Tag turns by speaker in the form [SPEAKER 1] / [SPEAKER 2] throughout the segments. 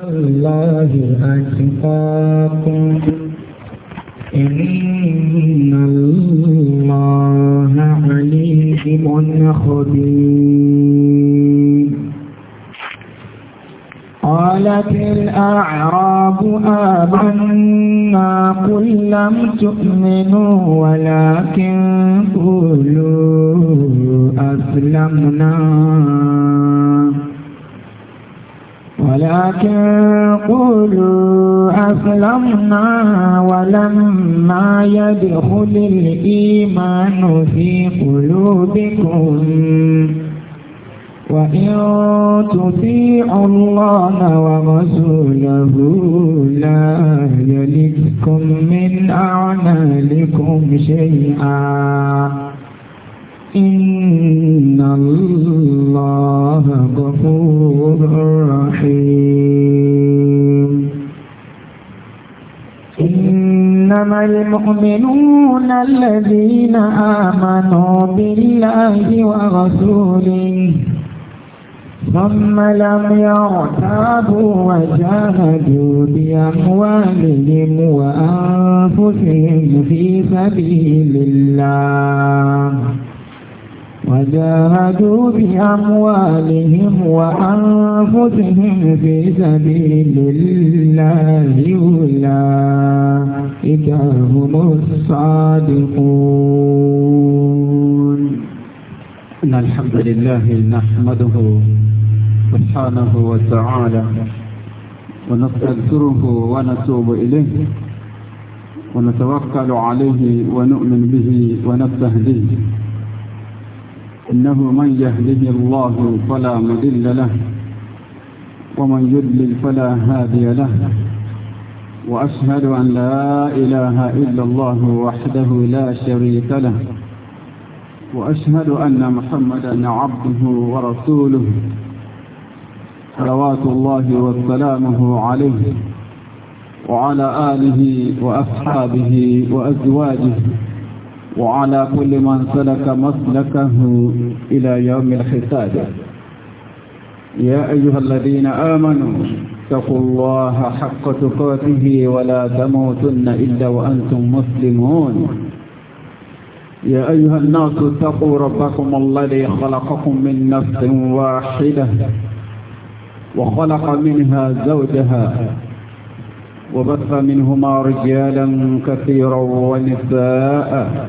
[SPEAKER 1] الله أتقاكم إن الله عليهم خبير قالت الأعراب آمنا قل لم تؤمنوا ولكن قولوا أسلمنا ولكن قولوا أسلمنا ولما يدخل الإيمان في قلوبكم وإن تطيعوا الله ورسوله لا يلدكم من أعمالكم شيئا إن الله غفور رحيم إنما
[SPEAKER 2] المؤمنون الذين آمنوا بالله
[SPEAKER 1] ورسوله ثم لم يعتابوا وجاهدوا بأموالهم وأنفسهم في سبيل الله وجاهدوا بأموالهم وأنفسهم في سبيل الله أولئك هم الصادقون إن الحمد لله نحمده سبحانه وتعالى ونستغفره ونتوب إليه ونتوكل عليه ونؤمن به ونستهديه إنه من يهده الله فلا مضل له ومن يضلل فلا هادي له وأشهد أن لا إله إلا الله وحده لا شريك له وأشهد أن محمدا عبده ورسوله صلوات الله وسلامه عليه وعلى آله وأصحابه وأزواجه وعلى كل من سلك مسلكه إلى يوم الحساب يا أيها الذين آمنوا اتقوا الله حق تقاته ولا تموتن إلا وأنتم مسلمون يا أيها الناس اتقوا ربكم الذي خلقكم من نفس واحدة وخلق منها زوجها وبث منهما رجالا كثيرا ونساء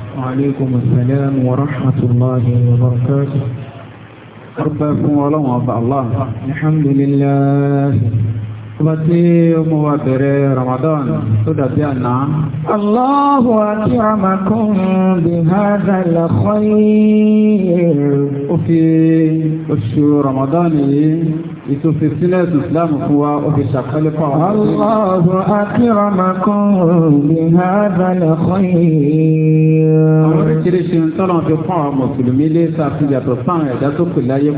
[SPEAKER 1] وعليكم السلام ورحمة الله وبركاته أربعكم ولو أبع الله الحمد لله Ọba tí Ramadan sudah dàbí àná. Allahu akramakum bi hadha al-khayr. Ó fi oṣù Ramadan ini itu sílẹ̀ Islam fún wa, ó fi wa. Allahu akramakum bi hadha al-khayr. Àwọn oríṣiríṣi ń tọ́lọ̀ fi fún àwọn Mùsùlùmí lé sàfihàn sáwọn ẹ̀dá tó kù láyé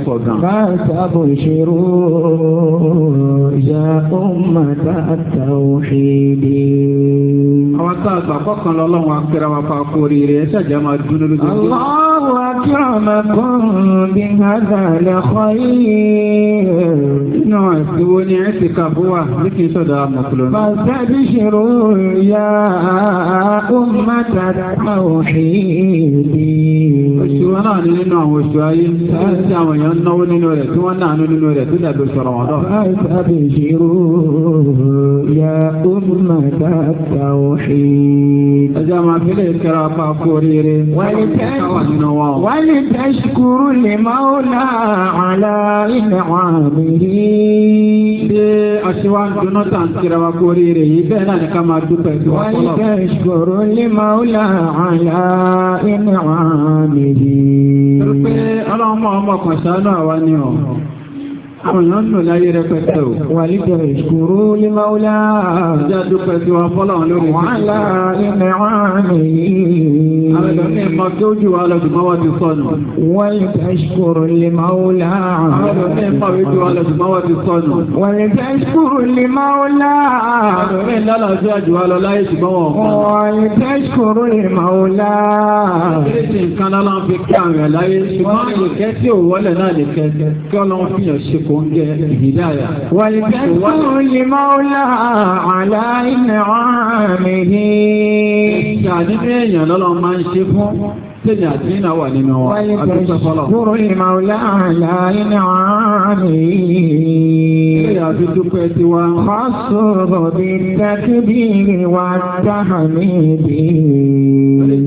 [SPEAKER 1] أمة التوحيد àwọn tá a sọ àkọ́kàn lọ́lọ́run apẹ̀rẹ̀ wọn pa kó rere ẹ̀ ṣàjẹ́ máa dúró lójú. Allahu akramakum bi hadhal khayr. Nínú ẹ̀sìn wo ni ẹ ti kà fún wa bí kì í sọ̀dọ̀ àmọ̀kùlọ̀ náà? Fastabshiru ya ummata tawhidi. Oṣù wọn náà ní nínú àwọn oṣù ayé tí àwọn èèyàn náwó nínú rẹ̀ tí wọ́n náà nínú rẹ̀ tó dàbí sọ̀rọ̀ wọn náà. Fastabshiru ya ummata tawhidi. العالمين أجمع فيك رفع كوريري ولتشكر لمولى على إنعامه أشوان جنوتان كرفع كوريري بينا كما دبت ولتشكر لمولى على إنعامه أنا ما أمك وشانا ونيو Àwọn èèyàn lò láyé rẹpẹtẹ o. Wà nígbà ìṣòro ní Máúlá. Ìjà dúpẹ́ tí wọ́n fọ́lọ̀ lórí ìṣòro. Wọ́n lá ilẹ̀ wọ́n rìn. Àwọn ìdọ̀ní ìmọ̀ tó jù jù wá lọ jùmọ́ oúnjẹ ìhìdáyà. Wàlìjẹ́sùn lè mọ́lá àláìnà àmìhì. Ṣàdínlẹ̀ èèyàn lọ́lọ́ máa ń ṣe fún Tẹ́lẹ̀ àti nínà wà nínú wọn, dúpẹ́ ti wá. Ọ̀sọ̀rọ̀ bí dákébìrì wà dáhàmì bìí.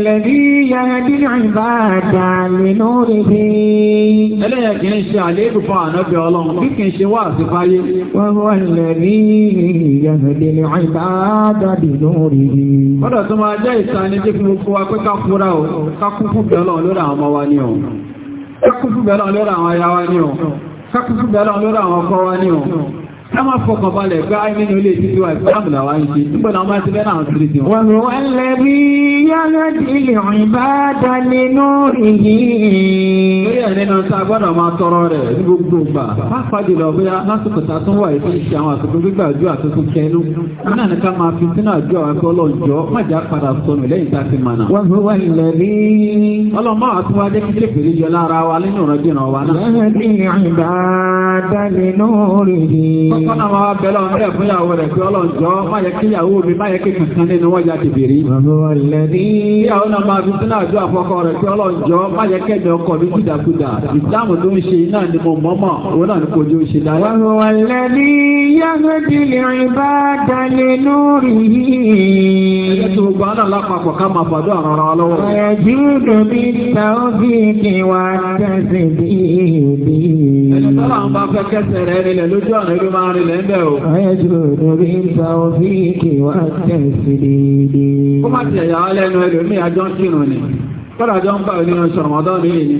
[SPEAKER 1] الذي يهدي العباد لنوره إليه كن شعليك فعنبي الله كن شواسف عليه وهو الذي يهدي العباد لنوره Ọ̀dọ̀ tó máa jẹ́ ìsáni tí fún gbogbo wa pé ká fúra ò, ká kún fún bẹ̀lọ́ lórí àwọn ọmọ wa ní ọ̀. Ká kún fún bẹ̀lọ́ lórí àwọn aya wa ní ọ̀. Ká kún fún bẹ̀lọ́ lórí àwọn ọkọ wa ní ọ̀ ká máa fọkàn balẹ̀ pé ayé nínú ilé títí wa ìsìlámù làwọn ń ṣe nígbà náà máa ti fẹ́ náà tìrì tiwọn. wọ́n wọ́n lẹ́bí yálà ilé ìbáda nínú ìyí. lórí ẹ̀ nínú tá gbọ́dọ̀ máa tọrọ rẹ̀ ní gbogbo ìgbà pàápàá jùlọ bóyá lásìkò tá a tún wà yìí ṣe àwọn àtúntò gbígbà ojú àtúntò kẹnu náà ní ká máa fi sínú àjọ àti ọlọ́jọ́ májà padà Ọkọ́nà máa bẹ̀lọ́ ọ̀rẹ́ fún ìyàwó rẹ̀ pé ọlọ́jọ́ máa yẹ kí ìyàwó mi máa yẹ kí kàkan nínú wọ́n ya kìbìrí. Ìyàwó náà máa fi sínú àjọ àfọkọ rẹ̀ pé ọlọ́jọ́ máa yẹ kẹ́mi ọkọ mi kùdàkùdà. Ìdáàmù tó ń ṣe náà ni mo mọ́mọ́, òun náà ni kò jó ṣe dáyà. Wàlẹ́bí bá dalẹ̀ lórí. Ẹgbẹ́ tó gbọ́ náà lápapọ̀ ká máa rí lẹ́ńbẹ̀ o. Ayájú lórí ìta òfin ìkè wá tẹ̀sí dìde. Ó má ti ẹ̀yà lẹ́nu ẹlòmí àjọ ń kírun ni. Kọ́dà jọ ń bá onírun sọ̀rọ̀ ọ̀dọ́ mi ni.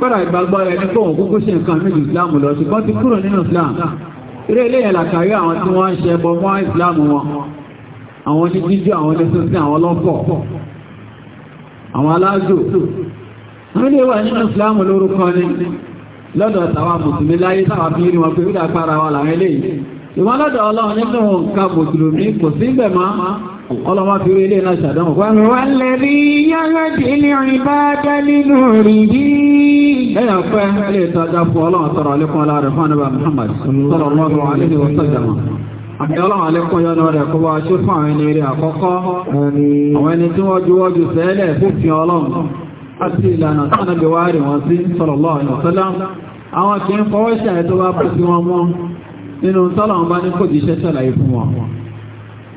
[SPEAKER 1] Kọ́dà ìgbàgbọ́ rẹ̀ ní kóhùn kúkú sí nǹkan méjì Ìsìlámù lọ ṣùgbọ́n ti kúrò nínú Ìsìlámù. Eré eléyẹ̀ làkàrí àwọn tí wọ́n ń ṣe ẹbọ mọ́ Ìsìlámù wọn. Àwọn ní jíjọ àwọn ní sọ́sí àwọn ọlọ́pọ̀. Àwọn aláàjò. Wọ́n lè wà nínú Ìsìlámù lórúkọ ni lọ́dọ̀ tàwa mùsùlùmí láyé táwa fi rí wọn pé ó dápára wa làwọn eléyìí ìwọ́n lọ́dọ̀ ọlọ́run nínú nǹka mùsùlùmí kò sí ìgbẹ̀ máa ọlọ́mọ fi rí ilé náà ṣàdánwò pẹ́lú wọ́n lè rí yọ́rọ̀ tí ní ìbájá nínú rí rí ẹ̀yàn pẹ́ ilé ìtajà fún ọlọ́run sọ̀rọ̀ alẹ́kùn aláàrẹ̀ fún àníbà Muhammad sọ̀rọ̀ lọ́dọ̀ alẹ́ni wọ́sọ̀jàmọ̀ àti ìlànà tánà gẹwàárì wọn sí sallallahu alaihi wasallam àwọn kìí fọwọ́ṣà ẹ̀ tó bá bá sí wọn mọ́ nínú tọ́lọ̀ wọn bá ní kò jíṣẹ́ ṣàlàyé fún wọn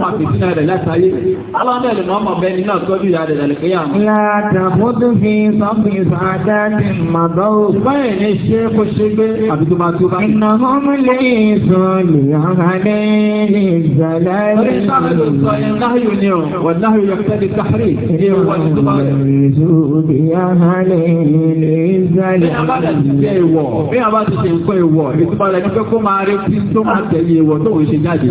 [SPEAKER 1] máa fi sínú rẹ̀ látàáyé. Aláwọ̀dẹ̀ lè máa bẹ́ nínú àtọ́jú ìyá rẹ̀ lẹ́lẹ́kẹ́yà. Láàdà fún tó fi sọ́fin sàádá ti mà bọ́ ò. Báyìí ní ṣe kó ṣe gbé àbí tó máa tó bá. Ìnà mọ́mú lè sọ lè ọ̀hánẹ́ lè gbàlá rẹ̀. Orí sáfẹ́ ló sọ yẹn láàyò ni ọ̀, wọ́n láàyò yẹ fẹ́ di káhárì. Ilé ìwọ̀n ni tó bá rẹ̀. Ìṣòbí ọ̀hánẹ́ lè gbàlá rẹ̀. Bí a bá ti ṣe nǹkan ìwọ̀, ìtumọ̀ rẹ̀ ní pé kó máa retí tó máa tẹ̀lé ìwọ̀ tó ń ṣe jáde.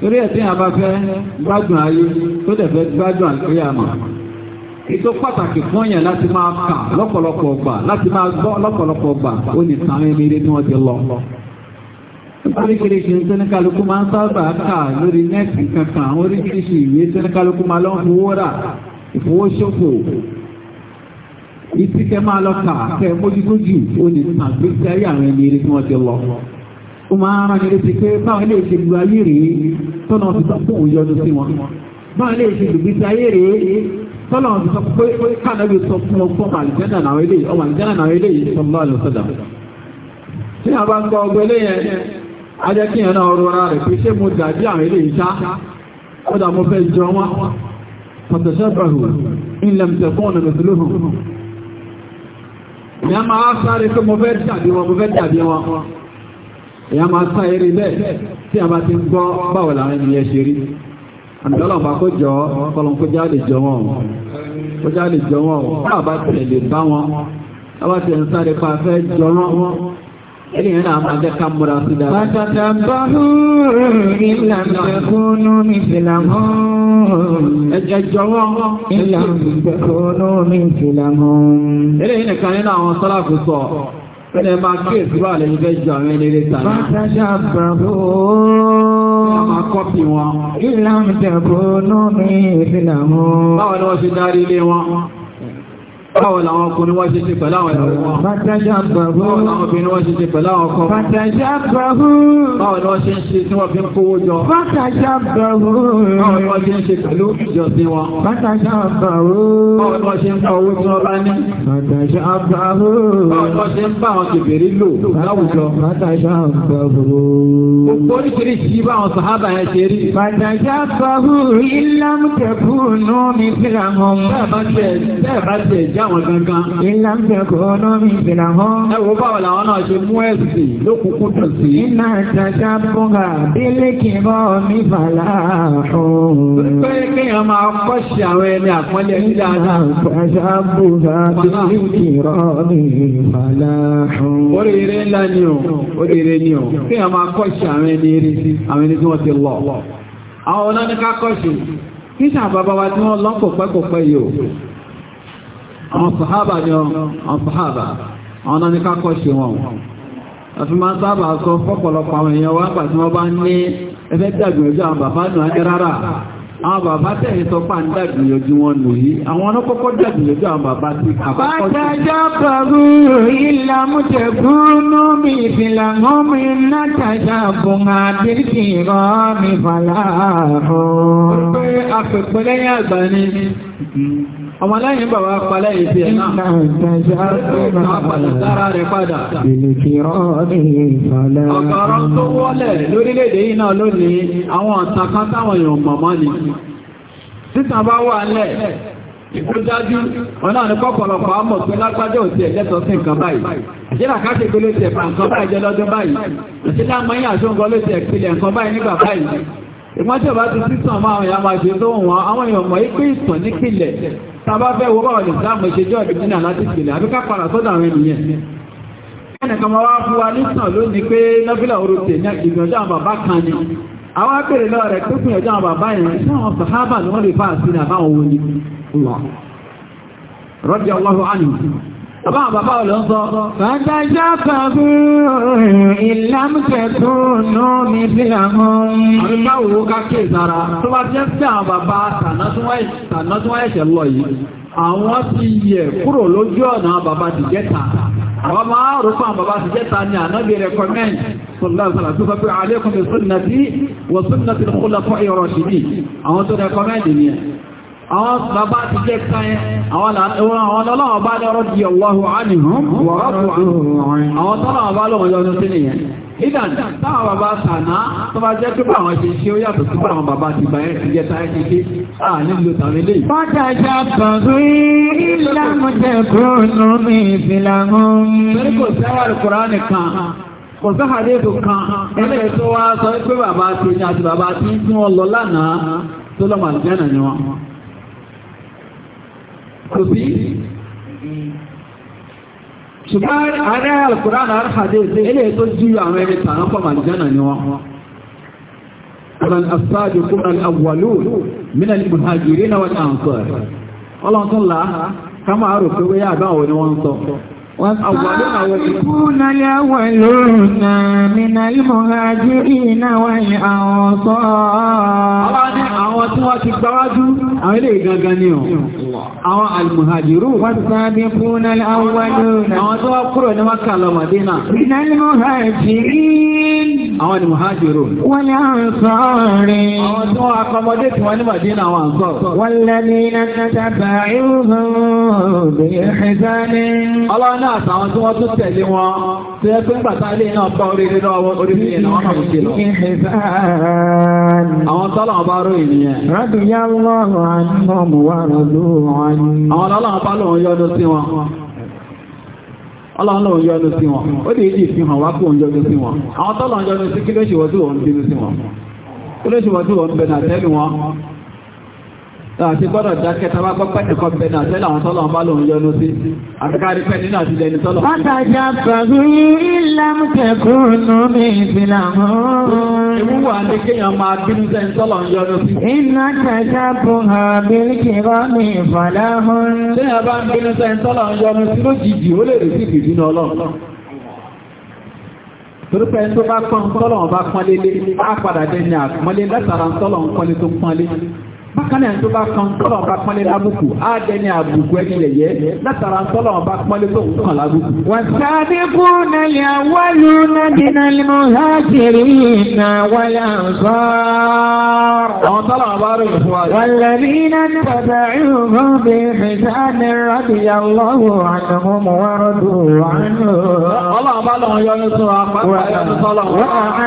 [SPEAKER 1] torí ẹ̀ tí a bá fẹ́ gbádùn ayé tó dẹ̀ fẹ́ gbádùn àgbéyàmọ̀ ètò pàtàkì fún ọ̀yàn láti máa kà lọ́pọ̀lọpọ̀ gbà láti máa gbọ́ lọ́pọ̀lọpọ̀ gbà ó ní sàmì mire tí wọ́n ti lọ. oríṣiríṣi sẹ́nìkálukú máa ń sábà kà lórí nẹ́ẹ̀sì kankan àwọn oríṣiríṣi ìwé sẹ́nìkálukú máa lọ ń fowó rà ìfowóṣòfò ìtìkẹ́ máa lọ kà kẹ́ mójútójú ó ní sàgbésí ayé àwọn ẹni eré tí wọ́n ti lọ ó máa rán ní létí pé báwọn lè ṣe lu ayé rèé tọ́nà ti sọ fún òyọdún sí wọn báwọn lè ṣe lùgbí sí ayé rèé tọ́nà ti sọ pé kánàbí sọ fún wọn fún àlùjẹ́nà náà ilé ọmọ àlùjẹ́nà náà ilé ìṣọ́nà àlùsọ́dà tí a bá ń gbọ́ ọgbẹ́ lẹ́yẹn ajẹ́ kí ẹ̀nà ọrọ̀ ara rẹ̀ pé ṣé mo dàbí àwọn ilé ìṣá ọdà mo fẹ́ jọ wọn pàtàṣẹ́bàrù ilẹ̀ mtẹ̀fọ́nà mẹ́tìlóhùn ni èyàn máa sá eré bẹ́ẹ̀ tí a bá ti ń gbọ́ báwo làwọn ènìyàn ṣe rí àdúgbò bá kó jọ ọkọlùn kó jáde jọ wọn kó jáde jọ wọn bá bá tẹ̀lé bá wọn bá tẹ̀ ń sáré pa fẹ́ jọ wọn eléyìn náà máa jẹ́ múra sí dáadáa. pàtàkì báhù ìlànà ìkúnú mi fìlàmọ́. ẹ̀jẹ̀ jọ̀wọ́ ìlànà ìkúnú mi fìlàmọ́. eléyìn Ẹni ẹ máa kí èsì báà lẹ́yìn fẹ́ jọ àwọn ẹni tàbí. Bàtà ṣàbàbò. Ẹ máa kọ́pì wọn. Ìlànà ìjẹ̀bù nù mí ìfìlà mú. Báwo ni wọ́n ṣe darí ilé wọn? Báwo làwọn ọkùnrin wọ́n ṣe ṣe pẹ̀lú àwọn ẹ̀rọ wọn? Fàtàjà bàbú. Báwo làwọn obìnrin wọ́n ṣe ṣe pẹ̀lú àwọn ọkọ? Fàtàjà bàbú. Báwo ni wọ́n ṣe ń ṣe tí wọ́n fi ń kówó jọ? Fàtàjà bàbú. Báwo ni wọ́n ṣe ń ṣe pẹ̀lú ìjọsìn wọn? Fàtàjà bàbú. Báwo ni wọ́n ṣe ń pa owó tí wọ́n bá ní? Fàtàjà bàbú. Báwo ni wọ́n ṣe ń bá àwọn kèbèrè lò láwùjọ? Fàtàjà bàbú. Òpó oríṣiríṣi báwọn sàhábà yẹn ṣe rí. Fàtàjà bàbú. Ilé amúkẹ̀kùn nù àwọn gangan. Iná ń bẹ̀ kọ́ lórí ìgbìnà hàn. Ẹ wo báwo làwọn náà ṣe mú ẹ̀sìn lókùnkùn dùn sí. Iná ìtajà bọ́gà délé mi bàlá ọ̀hún. Pé kéèyàn máa kọ́ṣì àwọn ẹni àpọ́nlé ní dáadáa. Iná ìtajà bọ́gà délé kì í bọ́ mi bàlá ọ̀hún. Oríire ńlá ni o, oríire ni o. Kéèyàn máa kọ́ṣì àwọn ẹni eré sí àwọn ẹni tí wọ́n ti lọ. Àwọn ọ̀nà ní ká kọ́ṣì. Kí àwọn sàhábà ni àwọn sàhábà àwọn náà ní kákọ́ ṣe wọn àfi máa sábà sọ fọ́pọ̀lọpọ̀ àwọn èèyàn wá pàtí wọ́n bá ní ẹfẹ́ dàgbìyànjú àwọn bàbá nù á rárá àwọn bàbá tẹ̀yìn sọ pà ń dàgbìyànjú wọn nù yí àwọn ọlọ́kọ́kọ́ dàgbìyànjú àwọn bàbá ti àkọ́kọ́ mi ìfìlà ọmọ iná tàṣà fún mi fàlà ọmọ lẹ́yìn bàbá palẹ́yìn sí ẹ̀nà àpàlẹ̀sára rẹ̀ padà ọ̀kọ̀ọ̀rọ̀ tó wọ́lẹ̀ lórílẹ̀-èdè yìí náà lónìí àwọn ọ̀tàkán èèyàn mọ̀mọ́ ni títà bá wà lẹ̀ ìkójájú ọ̀nà ní kọ́pọ̀lọpọ̀ àmọ̀ pé lágbájọ́ òsì ẹ̀lẹ́tọ̀ sí nǹkan báyìí jẹ́rà káṣe pé ló ti ẹ̀fà nǹkan báyìí jẹ́ lọ́dún báyìí ìṣẹ́lá mọ́yìn àṣóǹgọ́ ló ti ẹ̀pìlẹ̀ nǹkan báyìí nígbà báyìí ìmọ́jọba ti sísàn máa àwọn máa ṣe tó wọn àwọn èèyàn mọ̀ ipé ìtàn nípìnlẹ̀ tàbá fẹ́ wo báwọn ìsìláàmù ìṣèjọ́ ìdíjìnà láti ìpìlẹ̀ àbíká padà sọ́dọ̀ àwọn ènìyàn ẹnìkan ma wá fún wa nítàn lónìí pé nọ́fílà orúkẹ ní ìgbìyànjú àwọn bàbá kan ni àwọn apèrè lọ rẹ̀ tó gbìyànjú àwọn bàbá yẹn sáwọn sàhábà ni wọ́n lè fà sí ní àbáwọn owó ni Bàbá bàbá ọ̀lọ́ sọ. Bàbá jápa bú ìlàmùsẹ̀tò náà ní sílà hàn. Àbí báwo ló ká kí ìsára? Tó bá jẹ́ sí àwọn bàbá tàná tí wọ́n ẹ̀ṣẹ̀ lọ yìí, àwọn ti yẹ kúrò lójú ọ̀nà bàbá ti jẹ́ta. Àwọn máa rò fún àwọn bàbá ti jẹ́ta ni ànábì rẹ̀kọ́mẹ́ǹtì. Sọ̀rọ̀lá tó sọ pé àlékún mi sọ́nà sí wọ̀sọ́nà sí kó lọ fún ìrọ̀ṣì àwọn tó rẹ̀kọ́mẹ́ǹtì ni àwọn bàbá ti jẹ́ káyẹ àwọn ọlọ́wọ́ bá lọ́rọ̀ di Allahu anhum wọ̀rọ̀kù àwọn tọ́lọ̀wọ́ bá lọ́wọ́ yọ́nú sí nìyẹn ìdàn táwọn bàbá sànà tó bá jẹ́ tó bá àwọn ṣe ṣe ó yàtọ̀ tó bá bàbá ti bàyẹ̀ ti jẹ́ táyẹ̀ kéèké àà kan kò tó wá sọ pé bàbá ti ní àti bàbá ti ń tún ọ tó lọ́mà jẹ́nà ni wọn kò sí ṣùgbọ́n àárẹ̀ alkùnrán àárẹ̀ ilé tó jú àwọn ẹni tàná pọ̀ màjánà ni wọ́n asáàjò kúrò àwọ̀lú mínà ní mùhàjírí náà wọ́n والسابقون
[SPEAKER 2] الأولون من
[SPEAKER 1] المهاجرين والأنصار أو والسابقون الأولون من المهاجرين àwọn ni muhajirun. wọ́n ní ansari. àwọn tí wọ́n akọmọdé tí wọ́n ní Madina àwọn àǹsọ̀. wọ́n lẹ́ni iná tàbí ìhùn bí ìhìzáni. ọlọ́run náà àtàwọn tí wọ́n tún tẹ̀lé wọn tó yẹ pé ń gbàtà ilé náà bá orí nínú ọwọ́ orí mi náà wọ́n kàbùkì lọ. àwọn tọ́lọ̀ bá rú ìnìyẹn. rádùn yá lọ́rùn àánú mọ̀ wà lọ́dún wọn. àwọn tọ́lọ̀ bá lòun yọ́dún sí wọn ọlọ́run yọ́nú sí wọn ó lè jì fi hàn wá kó ń yọ́nú sí wọn àwọn tọ́lọ̀ ń yọ́nú sí kí lóṣìwọ́ tí wọ́n ń bínú sí wọn kí lóṣìwọ́ tí wọ́n ń bẹ̀nà tẹ́lù wọn àti gbọ́dọ̀ dákẹ́ tàbá pọ́pẹ́ nìkan bẹ náà tẹ́lẹ̀ àwọn tọ́lọ̀ bá lòun yọnu sí àtikárí pẹ́ nínú àti lẹni tọ́lọ̀. pàtàkì àpàrí ìlàmùtẹ̀kùnú mi ìfìlà bá ń ń tọ́lọ̀ bá pọ́nlé lé á padà dé ní àpọ́nlé látara tọ́lọ̀ ń pọ́nlé tó bákanáà tó bá kan tọ́lọ̀ bá pọ́nlé lábùkù á dẹni àbùkù ẹni lẹ̀yẹ látara tọ́lọ̀ bá pọ́nlé tó kàn lábùkù. wàsábí kú nàlẹ́ àwọ̀lù nàdínà lẹ́mọ̀ hájìrì náà wáyà sọ́. àwọn tọ́lọ̀ bá rẹ̀ fún wa. wàlẹ́bí náà ní bàbá ìhùn bí ìfẹ̀sánì rádìyà lọ́wọ́ àtàwọn ọmọ wa rọ́dù wà nù. ọlọ́run bá lọ́wọ́ yọnu sọ apá yọnu sọ́lọ́. wà á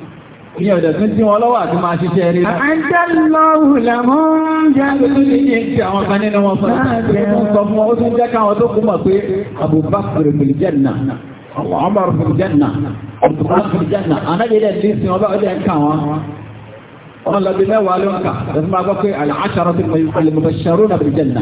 [SPEAKER 1] Ìyẹn ọ̀dẹ̀sùn tí wọ́n lọ́wọ́ àti máa ṣiṣẹ́ rí náà. Àjẹ́lọ́wù làmọ́ ń jẹ́ lórí ní ìjẹ́ àwọn kan nínú wọn fún ọmọ ó tún jẹ́ káwọn tó kú mọ̀ pé Abubakar Mùlìjẹ́nà, Omar Mùlìjẹ́nà, Abubakar Mùlìjẹ́nà, anájẹ́lẹ̀ ní ìsìn ọba ọdẹ ń kà wọn. Wọ́n lọ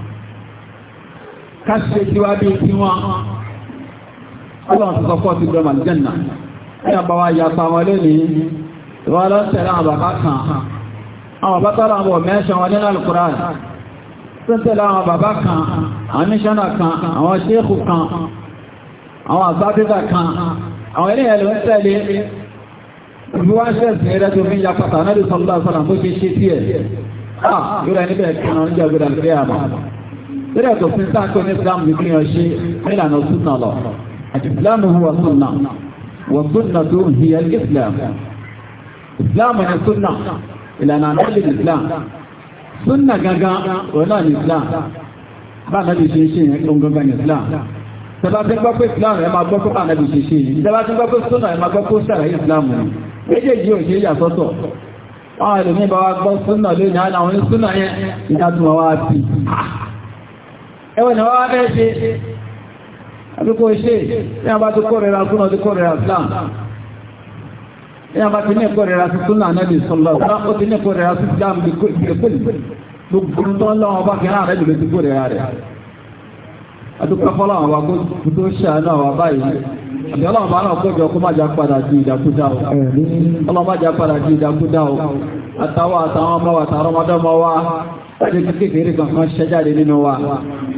[SPEAKER 1] káṣe tí wá bí tí wọ́n ọlọ́run ti sọpọ̀ ti gbọmọ̀ jẹ́nà ní àbáwá yàtọ̀ àwọn lónìí wọ́n lọ tẹ̀lé àwọn bàbá kan àwọn bàbá tọ́lá àwọn mẹ́ṣọ́ wọn nínú alukùránì tó tẹ̀lé àwọn bàbá kan àwọn míṣọ́nà kan àwọn ṣéèkù kan àwọn àsábíkà kan àwọn ilé ẹ̀lú ń tẹ̀lé Bẹ́rẹ̀ tó fi sáà kọ́ ní Islam ní kí wọ́n ṣe ìlànà súnà lọ. Àti Islam huwa súnà, wọ́n súnà tó ń hiya Islam. Islam ni súnà, ìlànà àdájọ́ Islam. Súnà gangan wọ́n náà ní Islam. Báàná bí ṣe ṣe yẹn tó ń gangan ní Islam. Tẹ́lá ti gbọ́ pé Islam ẹ̀ máa gbọ́ pé báàná bí ṣe ṣe yẹn. Tẹ́lá ti gbọ́ pé súnà ẹ̀ máa gbọ́ pé ó ṣàlàyé Islam ni. Méjèèjì ò ṣe yàtọ̀tọ̀ àwọn ìlú bá wá gbọ́ súnà lónìí àwọn onísúnà yẹn ìdádùn àwọn àti ẹwọ́n ni wọ́n bẹ́ẹ̀ ṣe àbíkò ṣe ní àbá tó kórìíra fún ọdún kórìíra Islam ní àbá tó ní kórìíra sí nẹ́bí sọ́lọ́ ó ti ní àtàwọn àtàwọn ọmọ láti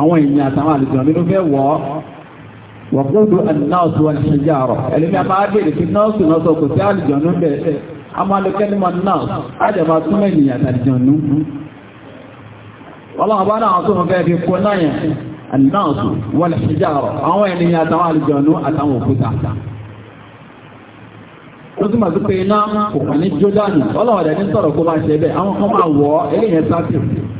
[SPEAKER 1] àwọn èèyàn àtàwọn àlejò nínú fẹ́ wọ́ wọ̀kúndù anáàsù wọn ṣe yà rọ̀ ẹlẹ́mí àbá bèèrè kí náàsù náà sọ kò sí àlejò nínú bẹ̀rẹ̀ a máa lọ kẹ́nìmọ̀ náàsù àjẹ̀bá tún ènìyàn àtàlejò nínú ọlọ́run bá náà tó fẹ́ fi kó náà yẹn anáàsù àwọn ènìyàn àtàwọn àlejò nínú àtàwọn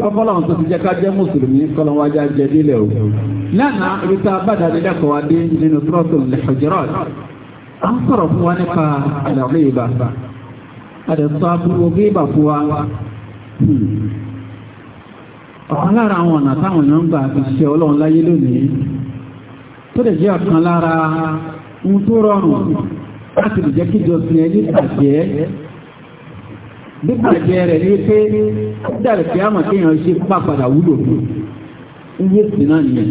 [SPEAKER 1] Kọ́kọ́lọ́ tó ti jẹ́ jẹ́ Mùsùlùmí kọ́lọ́ wájá jẹ délẹ̀ o. Lánàá ibi tá a bá dé nínú À ń sọ̀rọ̀ fún wa nípa àdàbí ìbà. Àdàsọ aburú bí ìbà fún wa. Ọ̀kan lára àwọn ọ̀nà táwọn èèyàn ń gbà fi ṣe Ọlọ́run láyé lónìí. Tó lè jẹ́ ọ̀kan bíbàjẹ́ rẹ̀ ní pé dàbí pé àmọ̀ kéèyàn ṣe pà padà wúlò fún un ní èsì náà nìyẹn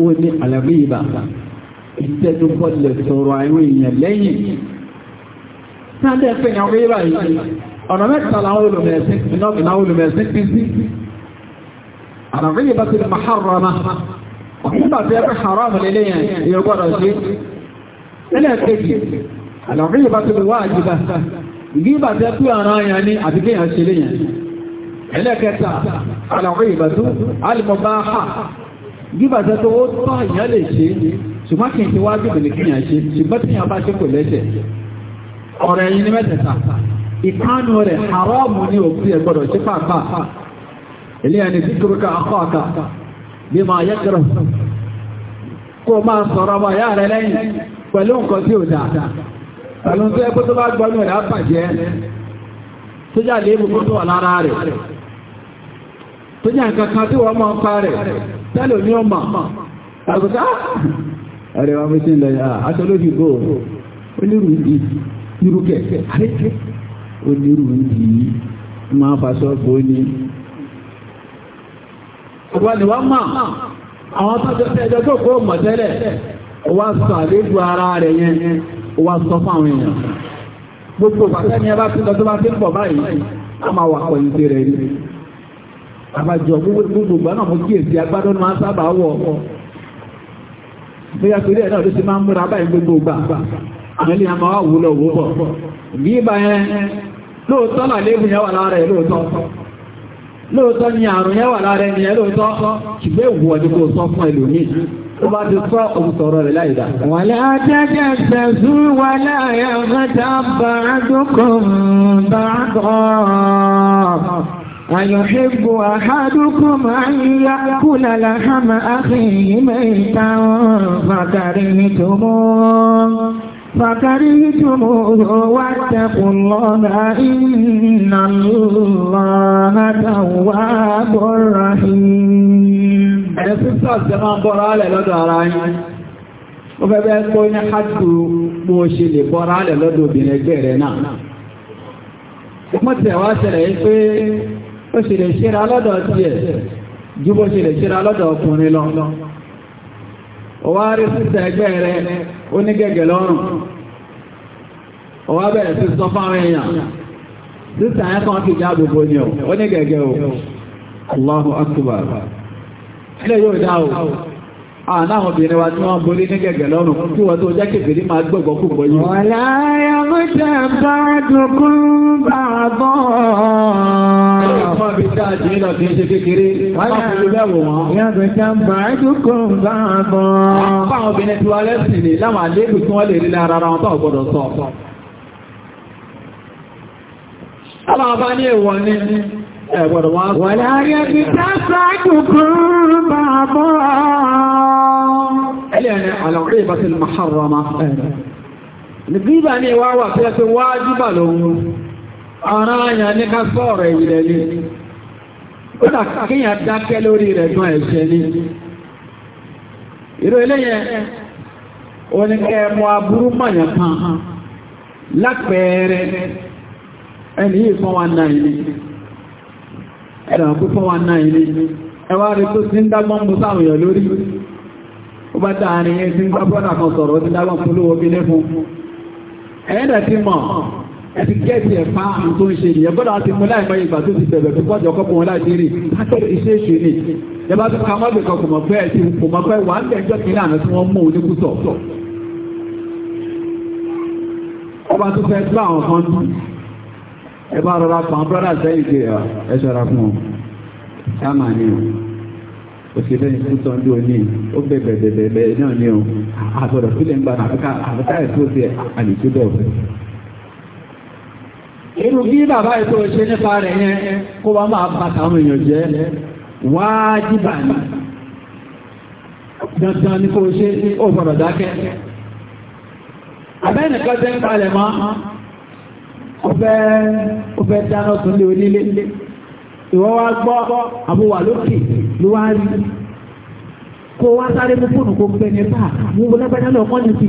[SPEAKER 1] ó ní àlàbí ìbà ìtẹ́dúkọ́lẹ̀ sọ̀rọ̀ àwọn èèyàn lẹ́yìn sáńdẹ̀ pé àwọn ìbà yìí ọ̀nà mẹ́ta làwọn olùmẹ̀sìn pín sí àlàbí ìbà ti maharama nígbà tí ẹ fẹ́ haram lélẹ́yìn ìyọgbọ́dọ̀ sí ẹlẹ́ẹ̀kejì àlàbí ìbà ti wájiba gíbà tẹ́ pé ọ̀ràn ayàn ní àbíkéyàn ṣe léyàn ẹlẹ́kẹta àlàkọ́ ìbàtú alìmọ̀báhà gíbà tẹ́ tó ó tọ́ ìyàn lè ṣe ṣùgbọ́n kí n ti wá gbìbìnì kíyàn ṣe ṣùgbọ́n tí yàn bá ṣe kò lẹ́ṣẹ̀ ọ̀rọ̀ ẹ̀yìn ní mẹ́tẹ̀ta ìkánu rẹ̀ àrọ́ọ̀mù ní òkú ẹ̀ gbọ́dọ̀ ṣe pàápàá ilé máa sọ̀rọ̀ ọmọ ìyá rẹ̀ lẹ́yìn pẹ̀lú nǹkan tí ò dáadáa àwọn tó ẹgbẹ́ tó bá gbọ́nú ẹ̀rẹ́ àbàjẹ́ tó jà léèbù kó tó wà lára rẹ̀ tó jà nǹkan tí wọ́n mọ́ ń pa rẹ̀ tẹ́lẹ̀ ah! ah! ní ọmọ àgbẹ̀ká ẹ̀rẹ́ wa mẹ́sìn lẹ̀ àtọ́lógìgbò onírùndì irúkẹ̀ tó kó mọ̀ tẹ́lẹ̀ sọ àlébù ara rẹ̀ yẹn ó wá sọ fún àwọn èèyàn gbogbo pàtẹ́ni ẹ bá ti ń pọ̀ báyìí a máa wà pọ̀ rẹ̀ rí àbájọ gbogbo ìgbà náà mo kíyèsí agbádọ́ ni sábà wọ̀ ọ́ bóyá torí ẹ̀ náà ló ti máa ń múra báyìí gbogbo ìgbà àwọn ilé àmà wà wúlọ̀ wó pọ̀ bí ibà yẹn lóòótọ́ náà léèbù yẹn wà lára ẹ̀ lóòótọ́ lóòótọ́ ni àrùn yẹn wà lára ẹ̀ ni tó bá ti sọ òun sọ̀rọ̀ rẹ̀ láì wàlẹ́ àtẹ́jẹ́ tẹ̀sù wàlẹ́ àyàfẹ́ta bàádùkọ̀ bàádùkọ̀. ويحب أحدكم أن يأكل لحم أخيه ميتا فكرهتموه فكرهتم واتقوا الله إن الله تواب رحيم ẹ̀rẹ́ sísọ́ ti máa bọ́ra alẹ̀ lọ́dọ̀ ara yìí ó fẹ́fẹ́ kó ní hajjú bó ṣe lè bọ́ra alẹ̀ lọ́dọ̀ obìnrin ẹgbẹ́ rẹ̀ náà mọ́tẹ̀ wá ṣẹlẹ̀ yìí pé ó ṣe lè ṣíra lọ́dọ̀ tiẹ̀ ju bó ṣe lè ṣíra lọ́dọ̀ ọkùnrin lọ ọwá rí sísẹ̀ ẹgbẹ́ rẹ̀ ó ní gẹ́gẹ́ lọ́rùn ọwá bẹ̀rẹ̀ sí sọ fáwọn èèyàn sísẹ̀ ẹ̀ kan ti jáàbò bò ọ o Allahu ilé yóò dá o obìnrin wa tí wọ́n borí ní lọ́rùn tí wọ́n tó jẹ́ kèfèrí máa gbọ́gbọ́ kú bọ́ yìí. Ọlọ́run fi dá àjẹ́ lọ ya wá wà pẹ́lẹ́ tó wájú lóhun. Ọ̀rọ̀ ayà ní ká sọ́ọ̀rọ̀ ìrẹ̀lẹ́. kódà kíyàn dákẹ́ lórí rẹ̀ gan ẹ̀ṣẹ̀ ni irú eléyẹ oníkẹ́ẹ̀mọ́ aburú mọ̀yàn kan lápẹẹrẹ ẹni yìí fún wa náà ilé ẹ̀rọ̀kú fún wa náà ilé ẹwà rí tó sí ń dágbọ́n mú sáwọn èèyàn lórí ó bá dáa ní ẹ ẹ̀sìn kẹ́ẹ̀sì ẹ̀fà tó ń ṣe ìyẹn àti mú láìmọ́ ìgbà tó ti bẹ̀rẹ̀ tó pọ̀jọ́ kọ́kọ́ wọn láti rí látọ̀rọ̀ iṣẹ́ ìṣe ni ìjọba tó ka mọ́bì kan kò mọ̀ pé ẹ̀sìn kò mọ̀ pé wà á bẹ̀ẹ́jọ́ kìíní àná tí wọ́n mú un ní kùtọ̀. ọba tó fẹ́ tó àwọn kan tún ẹ ni o ni o irú bí bàbá ètò ṣe nípa rẹ̀ yẹn kó bá máa bàtà àwọn èèyàn jẹ́ wájìbà ní dandan ní kó ṣe ó gbọ́dọ̀ dákẹ́ abẹ́nìkan jẹ́ ń palẹ̀ mọ́ ó fẹ́ dáná tún lé onílé ìwọ wá gbọ́ àbúwà lókè ló kó wá sáré mú fóònù kó gbẹ ní báà mú lágbájá lọ mọ́ ní ti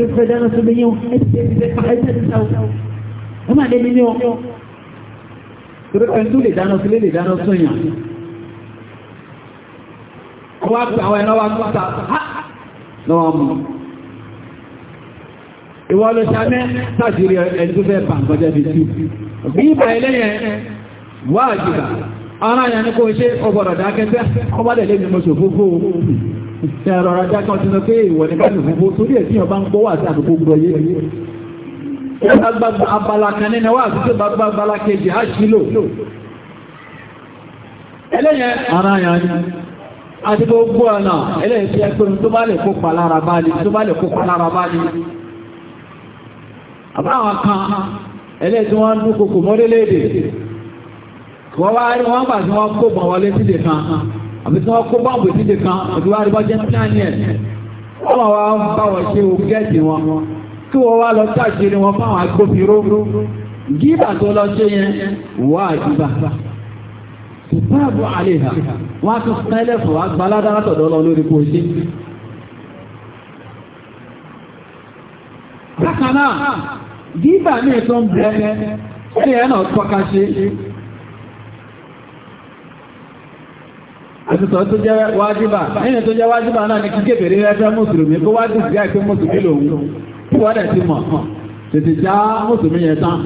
[SPEAKER 1] rẹ̀ fẹ́ dáná tún lé yẹn ẹ̀ẹ́dẹ́gbẹ̀ẹ́ ó máa lé mi ní ọmọ torí pé tó lè dáná sí lè dáná sóyàn wá pé àwọn ẹ̀nà wá pátá lọ́wọ́ mú ìwọ́ ló ṣamẹ́ sàjírí ẹni tó fẹ́ bàǹkọjẹ́ bí tí bí ìbà ẹlẹ́yẹn wà àjìbà ara yẹn ní kó ṣe ọgbọ̀rọ̀ dákẹ́fẹ́ ọmọdẹ̀ lè mímọ̀ ṣòfófó ẹ̀rọ̀ ọ̀rọ̀ dákẹ́ ọ̀tún pé ìwọ̀ ní bá ṣòfófó torí ẹ̀ abala kan nínú wà àti tí ó bá gbá abala kejì á ṣílò ẹlẹ́yẹn ara yàn ni àti gbogbo ọ̀nà ẹlẹ́yìn tí ẹgbẹ́ tó bá lè kópa lára bá ní tó bá lè kópa lára bá ní àbáwọn kan ẹlẹ́yìn tí wọ́n ń dúkòkò mọ́rílẹ̀-èdè wọ́n wá rí wọ́n gbà tí wọ́n kó bọ̀ wọlé síde kan àbí tí wọ́n kó bọ́ǹbù síde kan òdúwárí bọ́jẹ́ kí wọ́n wá lọ sáàkiri wọn fáwọn agbófinró gíbà tó lọ ṣe yẹn wà àdìbà ìbáàbò àlehà wọn á tún sẹ́lẹ̀ fún lọ lórí kò ṣe. bákan náà gíbà ní tó ń bẹ ẹni tọ́ka ṣe. tó jẹ́ wájúbà tó jẹ́ wájúbà náà kíkébèrè tí wọ́n dẹ̀ ti mọ̀ tètè já mùsùlùmí yẹn tán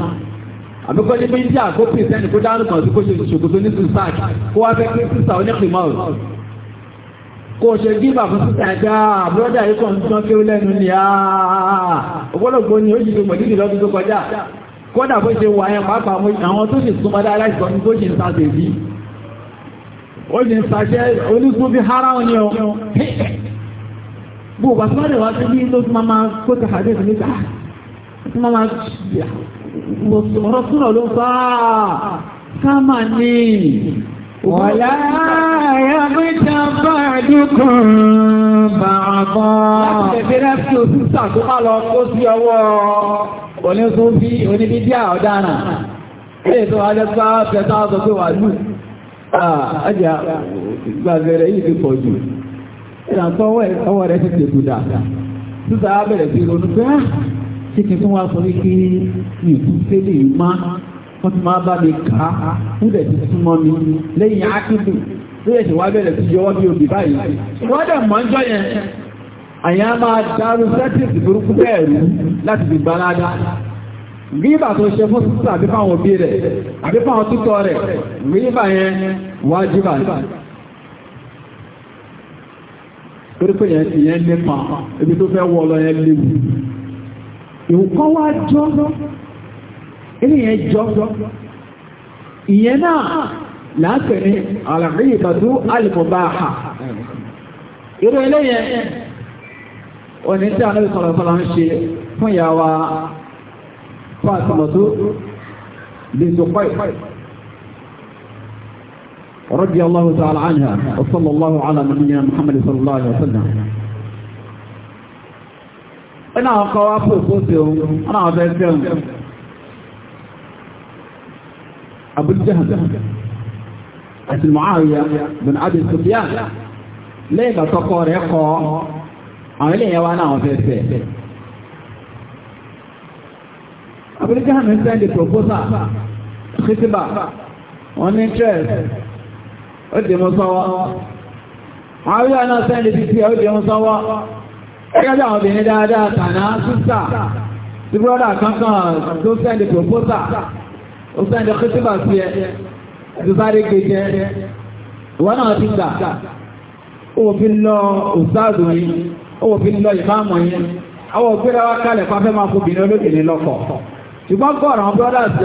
[SPEAKER 1] àbíkọ́ ní bíi díà kó pè sẹ́ni kó dáhùn kan sí kó ṣe ṣòkòtò ní sísák kó wá fẹ́ pé sísá onípìmọ̀ rẹ̀ kó o ṣe gíbà fún sísá ẹ̀dá àbúrọ́dà yìí kan tán kí ó lẹ́nu ni ọgbọ́lọ́gbọ́ ni ó yìí fi mọ̀lídìí lọ́dún tó kọjá kódà bó ṣe wà yẹn pàápàá àwọn tó ṣe súnmọ́ dáadáa ìsọ̀ní tó ṣe ń sáṣẹ́ yìí ó ṣe ń sáṣẹ́ onígun bí hárá gbogbo àtúmọ̀dé wa ti bí tó fi máa máa kó ti hàdé ìdílé ta tó máa máa ọ̀rọ̀ súnà ló fà á ká máa ní. Wàlá yàgbé ta bá dúkùn bàbá. Láti lè fi rẹ́pì òsì sàkóbá lọ kó sí ọwọ́ onísúnfí oníbídíà ọ̀daràn. Ilé ìtọ́ ajẹ́sá fẹ́ta sọ pé wà lù. Àjà gbàgbẹ̀rẹ̀ yìí ti pọ̀ jù ìrànṣọ́ ọwọ́ rẹ̀ ti tètù dà sísá abẹ̀rẹ̀ sí ronú pé á ah, ṣé kí n tún wá sọ wípé mi ìtú sílé má wọ́n ti máa bá mi kà á fúdẹ̀ ti súnmọ́ mi lẹ́yìn ákíndù bí ẹ̀ṣẹ̀ wá bẹ̀rẹ̀ sí yọwọ́ bí obì báyìí wọ́n dẹ̀ mọ́ ń jọ yẹn àyà máa dárú sẹ́tìsì burúkú bẹ́ẹ̀ rú láti fi gbalada ríbà tó ṣe fún sísá àbí fáwọn òbí rẹ̀ àbí fáwọn títọ́ rẹ̀ ríbà yẹn wájú báyìí torípé yẹn ti yẹn nípa ibi tó fẹ́ wọ́ lọ yẹn léwu ìwùkọ́ wá jọ́ ilé yẹn jọ́ ìyẹn náà láàpẹ̀ ní àlàáyé ìbàdú alìmọ̀báhà irú ilé yẹn òní tí a lórí sọ̀rọ̀sọ̀rọ̀ ń ṣe fún ìyàwó fásitì mọ̀tò lè sọ pẹ́ẹ̀pẹ́ẹ̀ رضي الله تعالى عنها وصلى الله على نبينا محمد صلى الله عليه وسلم أنا أقوى فوقهم أنا أبيتهم أبو الجهل àti Muawiya bin Abi Sufyan lẹ́yìn ìgbà tọ́kọ rẹ̀ kọ àwọn ilé ìyẹn wá náà fẹ́ fẹ́. Abúlé Jahan ń sẹ́ndì proposal, kìtìbà, wọ́n ní interest. ó dè mú sánwá àná sẹ́ndì títí ó dè ẹgbẹ́ àwọn obìnrin dáadáa tàná sísà tí brọ́dà kankan tó sẹ́ndì pòpósà ó sẹ́ndì kìtìbà sí ẹ náà ti gbà lọ òsáàdù yìí lọ yìí wá kalẹ̀ pàfẹ́ máa olóbìnrin lọ́kọ̀ ṣùgbọ́n kọ́ brọ́dà sí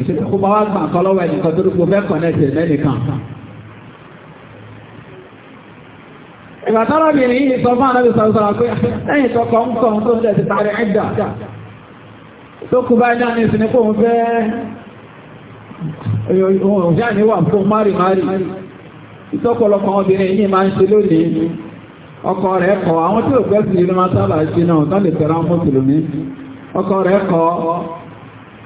[SPEAKER 1] ìṣẹ́kù máa wá gbà kan lọ́wọ́ ẹnìkan tó rúgbò fẹ́ kọ̀nẹ́tì mẹ́nìkan. ìgbàtọ́rọ̀ bìnrin yìí sọ fún ànábì sọ̀rọ̀ pé ẹ̀yìn tọkọ ń kọ̀ tó ń jẹ́ ti parí ẹ̀dà tó kú bá dáa ní ìsinmi kò ń fẹ́ ohun òjá ní wà fún márì márì ìtọ́pọ̀lọpọ̀ obìnrin yìí máa ń ṣe lónìí ọkọ rẹ̀ kọ̀ àwọn tí ò gbẹ́sì ìlú máa sábà ṣe náà tán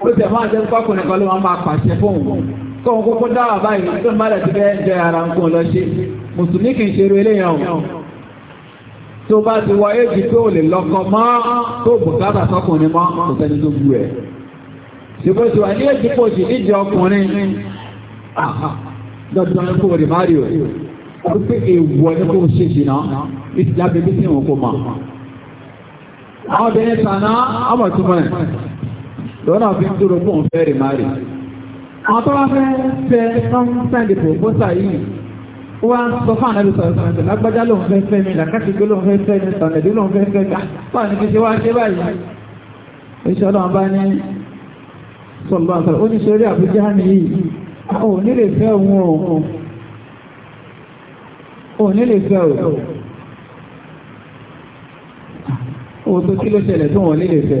[SPEAKER 1] ó tẹ̀ máa jẹ́ pákùnrin kan ló máa máa pàṣẹ fóun kóun kókó dáwà báyìí tó ń bá lẹ̀ ti fẹ́ jẹ ara ń kún lọ ṣe mùsùlùmí kì í ṣe eré eléyàn o tó bá ti wọ éjì tó lè lọ́kọ mọ́ tó bùkátà sọ́kùnrin mọ́ kò sẹ́ni tó bu ẹ̀ ṣùgbọ́n ti wà ní èjì pò sí níjẹ ọkùnrin dọ́dún ọdún kò rí mario ó pé èèwọ̀ ní kò ṣe ṣìnà ìtìlábẹ́bí sí ìwọ̀n kò mọ̀ àwọn obìnrin sànà ọmọ túnmọ̀ ẹ̀ lọ́nà fi ń dúró fún òun fẹ́ rè má rè àwọn tó wá fẹ́ fẹ́ sọ́ńsẹ́ndì pòpósà yìí wá sọ fún àná lùsọ̀rọ̀ sọ̀rọ̀ sọ̀rọ̀ lágbájá lòun fẹ́ fẹ́ mi làkàtì gbé lòun fẹ́ fẹ́ mi sọ̀nẹ̀dí lòun fẹ́ fẹ́ gbà ah, wà ní kíṣe wá ṣe báyìí iṣẹ́ ọlọ́run bá ní sọ̀lọ́ àtọ̀rọ̀ ó ní ṣe orí àbújá mi yìí ò ní lè fẹ́ òun ò ní lè fẹ́ òun ò tó kí ló ṣẹlẹ̀ tó wọ́n ní lè fẹ́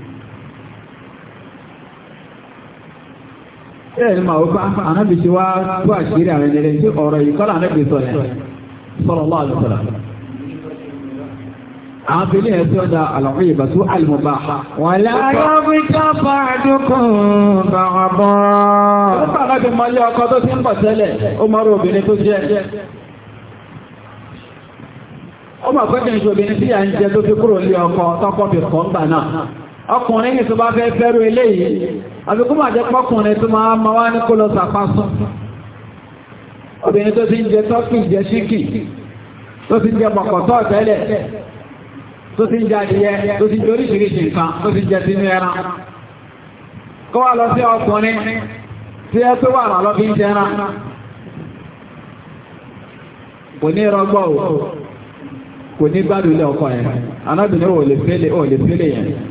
[SPEAKER 1] e máa wọ́pá ànábì tí wá tó àṣírí àwọn ẹ̀rẹ́ tí ọ̀rọ̀ yìí kọ́lá ànábì sọ yẹn sallallahu alaihi wasallam àwọn fi ní ẹ̀sí bá tó tó tí fi kúrò ní ọkọ tọ́kọ́ fi kọ́ ń náà ọkùnrin ní tó fẹ́ fẹ́rú ilé àbíkú máa jẹ́ pọ́kùnrin tó máa ma wá ní kó lọ sàpásán obìnrin tó ti ń jẹ tọ́kì jẹ ṣíkì tó ti ń jẹ pọ̀pọ̀tọ́ tẹ́lẹ̀ tó ti ń jẹ adìyẹ tó ti jẹ oríṣiríṣi nǹkan tó ti jẹ sínú ẹran kó lọ sí ọkùnrin o kò ní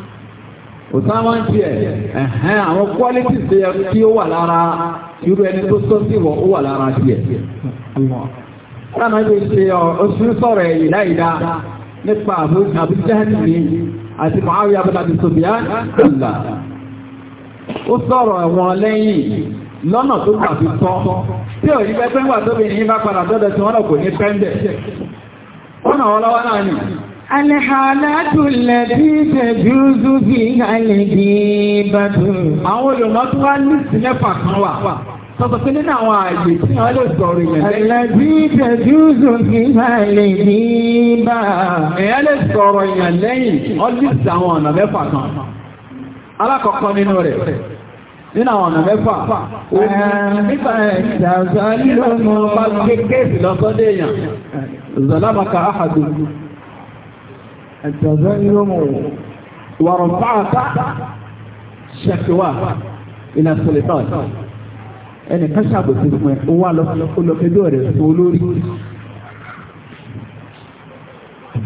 [SPEAKER 1] òsáwá ń tiẹ̀ ẹ̀hẹ́n àwọn quality tó kí ó wà lára irú ẹni tó sọ sí ó wà lára tiẹ̀. sáà náà ṣe oṣù sọ̀rọ̀ ìlà ìdá nípa àbújáhìnì àti mọ̀háwí abúlàbí sọ̀bíà ó sọ̀rọ̀ ẹ̀wọ̀n lẹ́yìn lọ́nà tó gbà fi tọ́ tí ń wà tóbi ní tí wọ́n kò Alẹ́hàlátù lẹ́bí ìfẹ̀júzú bí àlẹ́gbé bàtú. Àwọn olùmọ́tò wá ní ìsìnlẹ́fà kan wà. Sọ̀tọ̀ pé nínú àwọn ààyè tí wọ́n lè sọ̀rọ̀ ìyẹn lẹ́yìn. Àlẹ́bí ìfẹ̀júzú bí àlẹ́gbé bà. Èèyàn lè sọ̀rọ̀ ìyẹn lẹ́yìn, wọ́n lè sí àwọn ọ̀nà mẹ́fà kan. Alákọ̀ọ́kọ́ nínú rẹ̀ nínú àwọn ọ̀nà mẹ́fà nípa ìṣàzọ́ nílò التزين ورفعة شكوى إلى السلطات ẹnì kan ṣàbòsí fún ẹ ó wà lọ́kọ́lọ́kẹ́jọ́ rẹ̀ fún olórí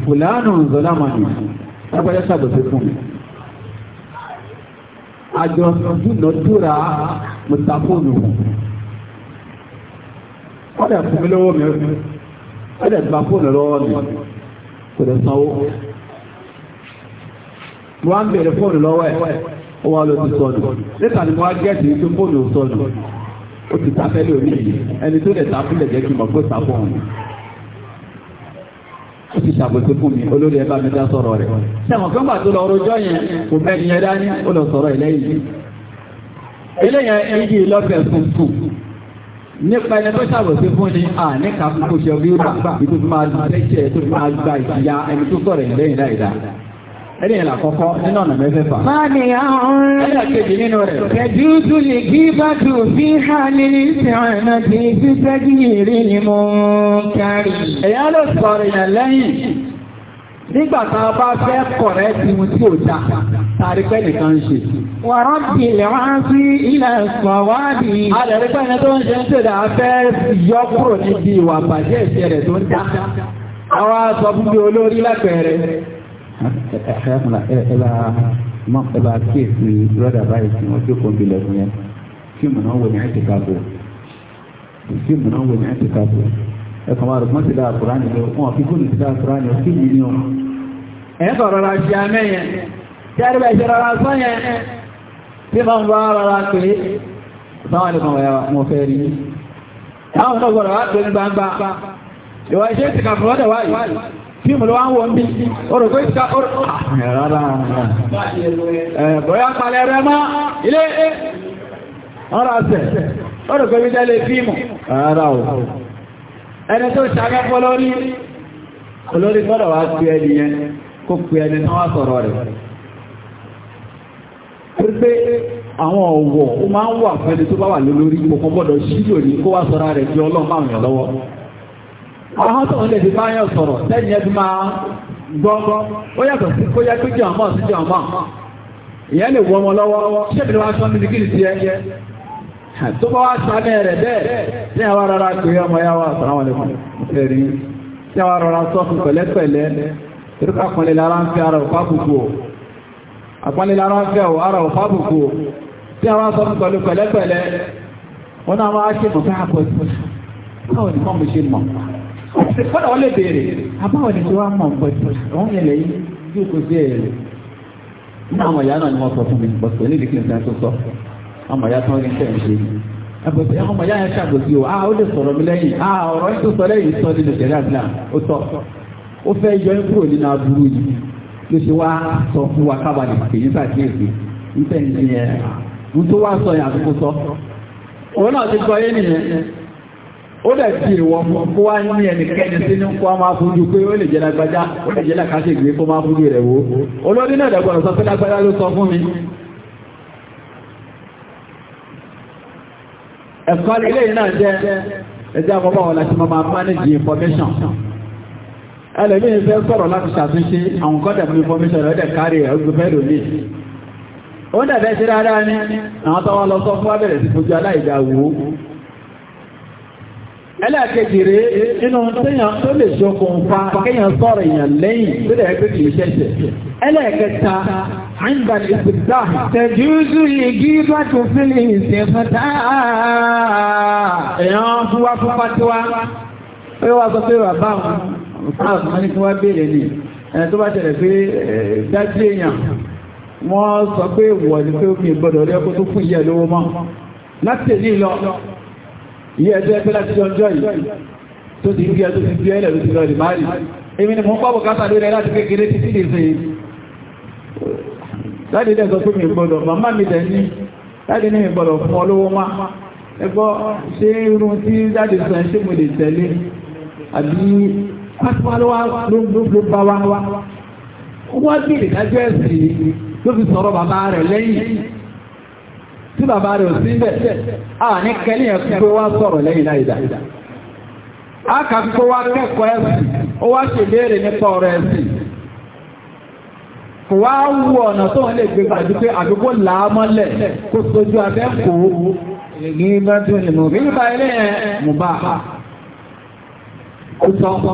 [SPEAKER 1] fùlànà ǹzọ́lámàní ẹgbẹ́jọ́ ṣàbòsí fún mi àjọ dúnàdúrà mùtàfóònù ọ̀dẹ̀ fún mi lọ́wọ́ mi ọ̀dẹ̀ gbà fóònù lọ́wọ́ mi kò dẹ̀ sanwó wọ́n ń bèèrè fóònù lọ́wọ́ ẹ̀ ó wá lọ sí sọnù níta ni wọ́n á gẹ́ẹ̀tì tó fóònù sọnù ó ti ta fẹ́lẹ́ òní yìí ẹni tó lè ta fún lè jẹ́ kí n mọ̀ pé ta fún òun ó ti ṣàbòsí fún mi olórí ẹ bá mi dá sọ̀rọ̀ rẹ̀ ṣẹ̀wọ̀n kan gbà tó lọ rojọ́ yẹn kò mẹ́ni yẹn dání ó lọ sọ̀rọ̀ ẹ̀ lẹ́yìn eléyẹn ẹ̀yìn ìlọ́fẹ̀ẹ́ nípa ẹni tó ṣàbòsí fún ni à níka fún kò ṣe rí ó gbà ibi tó fi máa gbà ẹni tó sọ̀rọ̀ ẹ̀ lẹ́yìn ẹ̀rí ìlà àkọ́kọ́ nínú ọ̀nà mẹ́fẹ́fà. Báàdì àwọn ẹ̀rọ kejì nínú rẹ̀. Kẹ̀jú tún lè kí bàtù fi hà ní ìsìnrìn àti bá fẹ́ kọ̀rẹ́ ti mu tí ò da, tàrí pẹ́ nìkan ń ṣe. Wàrán ti lè wá sí ilẹ̀ ẹ̀sùn wádìí. A lè rí pẹ́ni tó ń ṣe ń ṣèdá fẹ́ yọ kúrò níbi ìwà bàjẹ́ ìṣẹ̀rẹ̀ tó ń dá. Àwọn ẹ̀ẹ́dàkùnlá ẹ̀ẹ́dà mọ́ ẹ̀bà kéèsì rọ́dà báyìí tí wọ́n jókòó ń bilẹ̀ fún yẹn fíìmù náà wò ní àti káàbò fíìmù náà wò ní àti káàbò ẹ̀kọ́ máa rò mọ́ ti dáa kúránì lọ wọn fi kúrò ti dáa kúránì ọ fíìmù ni ọ. ẹ̀ẹ́kọ̀ rọra ṣe amẹ́ yẹn tí a rí bá ṣe rọra sọ yẹn tí wọ́n bá rọra pé báwọn lè kàn wọ́n yà mọ́ fẹ́ rí àwọn náà gbọ́dọ̀ wá pé ní gbangba ìwà iṣẹ́ ti fíìmù ló wá ń wọ́n bí orò pé ìta orò ah, rárá bóyá palẹ̀ rẹ mọ́ ilé ọ̀rọ̀ ọ̀sẹ̀ orò pé ìta lè fíìmù rárá o ẹni tó ṣàkẹ́kọ́ lórí olórí gbọ́dọ̀ wá pé ẹni yẹn kó pé ẹni náà wá sọ̀rọ̀ rẹ̀ pé àwọn ọ̀wọ̀ ó máa ń wà fẹ́ni tó bá wà lórí kò kọ́ gbọ́dọ̀ ní kó wá sọ́ra rẹ̀ bí ọlọ́run àwọn tó lè fi báyọ̀ sọ̀rọ̀ tẹ́yìn ẹbí máa gbọ́ngbọ́n ó yàtọ̀ sí kó jẹ́ ọmọ sí jẹ́ ọmọ ìyẹn lè wọ́n lọ́wọ́ ṣébìrì wá wá sàmẹ́ rẹ̀ ọmọ pẹ̀lẹ́pẹ̀lẹ́ ṣe mọ̀ kọ́dà wọ́n lè béèrè abáwọn ni tí wọ́n mọ̀ pẹ̀lú àwọn yẹn lẹ́yìn bí o kò sí èrè ní àwọn náà ni wọ́n sọ fún mi pọ̀tù ní ìdíkì ọrụ tó sọ ọmọ ìyá tó ń tẹ̀ o a ah, ó lè sọ̀rọ̀ mi lẹ́yìn a ah, ọ̀rọ̀ yìí tó sọ lẹ́yìn sọ nínú ìṣẹ̀lẹ̀ ó sọ ó fẹ́ yọ kúrò nínú aburú yìí ló ṣe wá sọ fún ó dẹ̀ tí ìwọ̀n kó wá ní ẹnikẹ́ni tí ní kó máa fojú pé ó lè jẹ́lá gbájá ó lè jẹ́lá káṣẹ́ ìgbé kó máa fojú rẹ̀ wó olórin náà dẹ̀gbọ́n sọ fẹ́lá gbájá ló sọ fún mi ẹ̀kọ́ ilé náà jẹ́ ẹjẹ́ àkọ́bọ̀ wọn láti máa manage information ẹlẹ́mìí fẹ́ sọ̀rọ̀ láti ṣàtúnṣe àwọn kọ́dẹ̀ fún information rẹ̀ dẹ̀ kárí ẹ̀ ọgbẹ́ fẹ́ lòmí ó dẹ̀ fẹ́ ṣe dáadáa ní àwọn tọ́wọ́ lọ sọ fún abẹ́rẹ̀ sí fojú aláìdáwó ẹlẹ́ẹ̀kejì rẹ̀ inú tíyàn tó lè ṣokùnfà kíyàn sọ̀rọ̀ èèyàn lẹ́yìn tó lè ẹgbẹ́ kìí ṣẹ̀ṣẹ̀ ẹlẹ́ẹ̀kẹta àìgbà ìgbìdá tẹ̀júúsù igi bá tó fílì ìṣẹ̀fẹ́ta èèyàn fún wá fún pátíwá pé wá sọ pé bàbá àwọn ní kí wá béèrè ni ẹni tó bá ṣẹlẹ̀ pé dájú èèyàn wọ́n sọ pé wọ̀ ní pé ó fi gbọ́dọ̀ rẹ́ kó tó fún ìyẹ́ lówó mọ́ láti èlé lọ iye ẹjọ́ ẹgbẹ́ láti ọjọ́ yìí tó ti gbé ẹjọ́ ti gbé ẹlẹ̀ ló ti lọ rí márì èmi ni mo ń pàbọ̀ kátà lórí láti kékeré títí lè ṣe láti dẹ̀ sọ pé mi gbọ́dọ̀ màmá mi dẹ̀ ní láti ní mi gbọ́dọ̀ fún ọlọ́wọ́ má ẹgbọ́ ṣé irun tí láti sọ ṣé mo lè tẹ̀lé àbí pátúwálówá ló bá wá wá wọ́n gbé ìdájọ́ ló fi sọ̀rọ̀ bàbá rẹ̀ lẹ́yìn tí bàbá rẹ̀ ò sí ń bẹ̀ a ní kẹ́lì yẹn wá sọ̀rọ̀ lẹ́yìn láìdá a kà kó wá kẹ́kọ̀ọ́ ẹ̀sìn ó wá ṣe léèrè nípa ọ̀rọ̀ ẹ̀sì. kò wá wú ọ̀nà tó wọ́n lè gbé gbàjú pé àdúgbò kó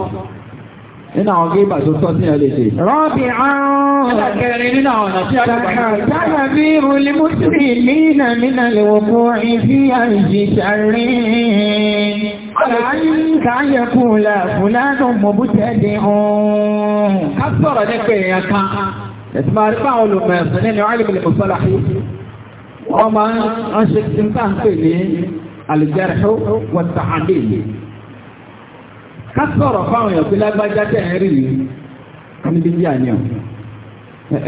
[SPEAKER 1] nínú àwọn gígbà tó tọ́ sí ẹlẹ́ ṣe. rọ́bì àrùn ẹlẹ́kẹrin nínú àwọn ọ̀nà tí a lọ́pàá ní ọjọ́. sára bí olè mùsùlùmí nínà nínà lè wọ́n fún ìfí àìjì sàárín. Àyíká yẹ kú la fúlánù mọ̀bútẹ́dẹ̀ Ẹ̀sìn nínú àlùmọ̀lẹ̀ mọ̀sọ́lá. Wọ́n máa ń ṣe ti ń tà pè ní àlùjẹ́rẹ̀ wọ́n tàhádé yìí ká sọ̀rọ̀ fáwọn èèyàn pé lágbájá tẹ̀ ń rí mi ní bí díà ni ọ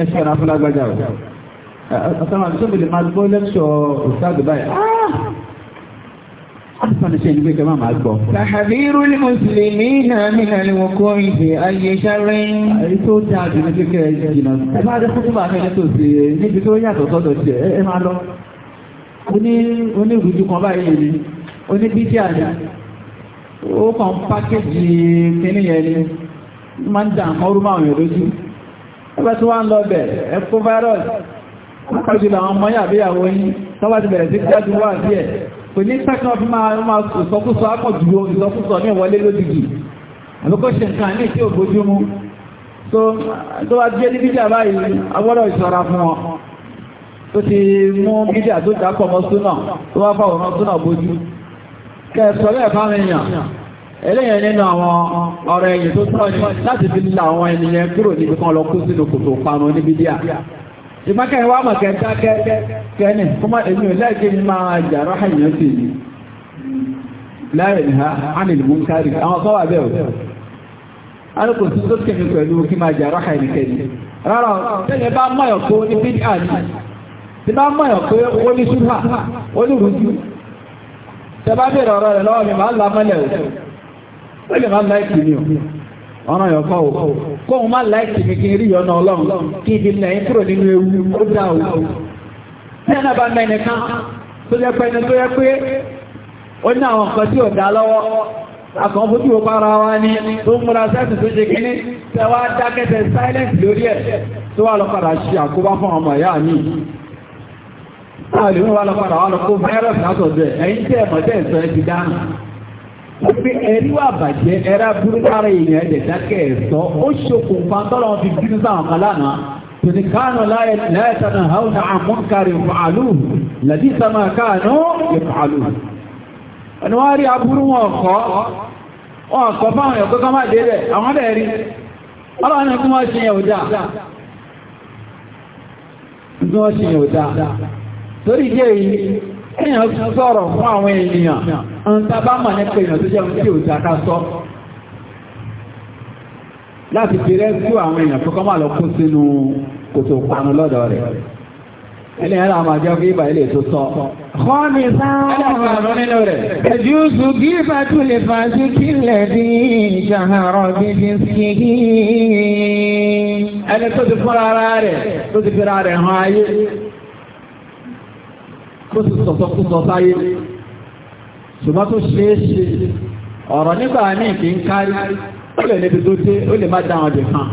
[SPEAKER 1] ẹ ṣọ́ra fún lágbájá o ọ̀sán àti tóbi lè máa gbọ́ lẹ́kṣọ̀ òṣàgbé báyìí ah! Àtìsànì ṣe ìgbé kẹ máa máa gbọ́. Tàhàbírú lè Mùsùlùmí náà mìíràn lè wọ́n kó ìdè ayé ṣáré. Èyí tó dá jù ní kékeré jìnà. Ẹ máa dé fún bàbá ẹni tó ṣe níbi tó yàtọ̀ sọ́dọ̀ tiẹ̀ ẹ máa lọ. Oní oní kan báyìí ni, oní bídíà ni, ó kàn pákéjì kíní yẹn ni máa ń dà mọ́rú máwọn èèyàn lójú ẹgbẹ́ tí wá ń lọ bẹ̀ ẹkó virus pàtàkì àwọn ọmọ yàbíyàwó yìí tọ́wà ti bẹ̀rẹ̀ sí jáde wà sí ẹ̀ kò ní sẹ́kàn fi máa ìsọkúsọ ápọ̀jùgbò ìsọkúsọ ní ìwọlé lódìgì àbúkọ́ ṣe nǹkan ní tí ò bójú mú tó wá jẹ́ ní bídíà báyìí agbọ́dọ̀ ìṣọ́ra fún wọn tó ti mú bídíà tó dápọ̀ mọ́ súnà tó wá fàwọ̀rán súnà bójú kẹsọ̀lẹ̀ fámíyàn eléyìn nínú àwọn ọ̀rọ̀ ẹ̀yìn tó tọ́ ní láti fi lílà àwọn ènìyàn kúrò níbi kan lọ kú sínú kòtò panu níbi díà ìmọ́kẹ́ wá mọ̀ kẹta kẹ́ni kọmọ èmi ò lẹ́ẹ̀kẹ́ ní máa jàrá àyàn sí ni láàrin ha ánìlì mú kárì àwọn kọ́ wà bẹ́ẹ̀ alùpùpù sí tó kẹ́mi pẹ̀lú kí máa jàrá àyàn kẹ́ni rárá tẹ́lẹ̀ bá mọ̀ tẹbá bèèrè ọ̀rọ̀ rẹ̀ lọ́wọ́ mi máa ń la mẹ́lẹ̀ o ó lè máa láìkì mi o ọ̀nà yọ̀kọ́ o kóhun máa láìkì mi kí n rí yọ̀nà ọlọ́run kí ibi lẹ́yìn kúrò nínú ewu ó dá o ní ẹ̀nà bá mẹ́ni kan tó jẹ́ pẹ́ni tó yẹ pé ó ní àwọn nǹkan tí ò dá lọ́wọ́ àkàn fojú o bára wa ní tó múra sẹ́sì tó ṣe kíní tẹwàá dákẹ́tẹ̀ silence lórí ẹ̀ tó wà lọ́kọ̀dà ṣe àkóbá fún ọmọ ìyá mi Àwọn ìlú wà lọ́pàá àwọn ọkọ̀ fẹ́rẹ̀ látọ̀dọ̀ ẹ̀yìn tẹ́ ẹ̀mọ̀ tẹ́ ẹ̀sọ́ ẹ̀ ti dáná. Wípé ẹ̀rí wà bàjẹ́ ẹ̀rá burú lára èèyàn ẹ̀dẹ̀ dákẹ́ ẹ̀sọ́, ó ṣokùnfà tọ́lọ̀ fi bínú sáwọn kan lánàá. Tòní kánú láyẹ̀ tánà haúnà àmúkàrí fàálù, làdí sàmà kánú ìfàálù. Ẹni wọ́n rí aburú wọn kọ́, wọn kọ́ fáwọn ẹ̀kọ́ kan máa dé bẹ̀, àwọn bẹ̀ rí. Ọlọ́run ni wọ́n ṣe yẹn ò torí jẹ́ yìí èèyàn sọ̀rọ̀ fún àwọn ènìyàn ń tàbá mọ̀ nípa èèyàn tó jẹun tí ò jàká sọ láti fi rẹ́sù àwọn èèyàn tó kọ́ máa lọ kó sínú kòtò panu lọ́dọ̀ rẹ̀ ilé ẹ̀rọ àmà jẹ́ kí ibà ilé tó sọ. Kọ́ni
[SPEAKER 2] sáárọ̀
[SPEAKER 1] ẹ̀júùsù kí ibà tún lè fà sí kílẹ̀ Ẹni tó ti fúnra rẹ̀ tó ti fúnra rẹ̀ hàn ayé tó sì sọ̀tọ̀kúsọ sáyé ṣùgbọ́n tó ṣe é ṣe ọ̀rọ̀ nígbà ní ìkí ń kárí ó lè níbi tó dé ó lè má dáhùn jù kan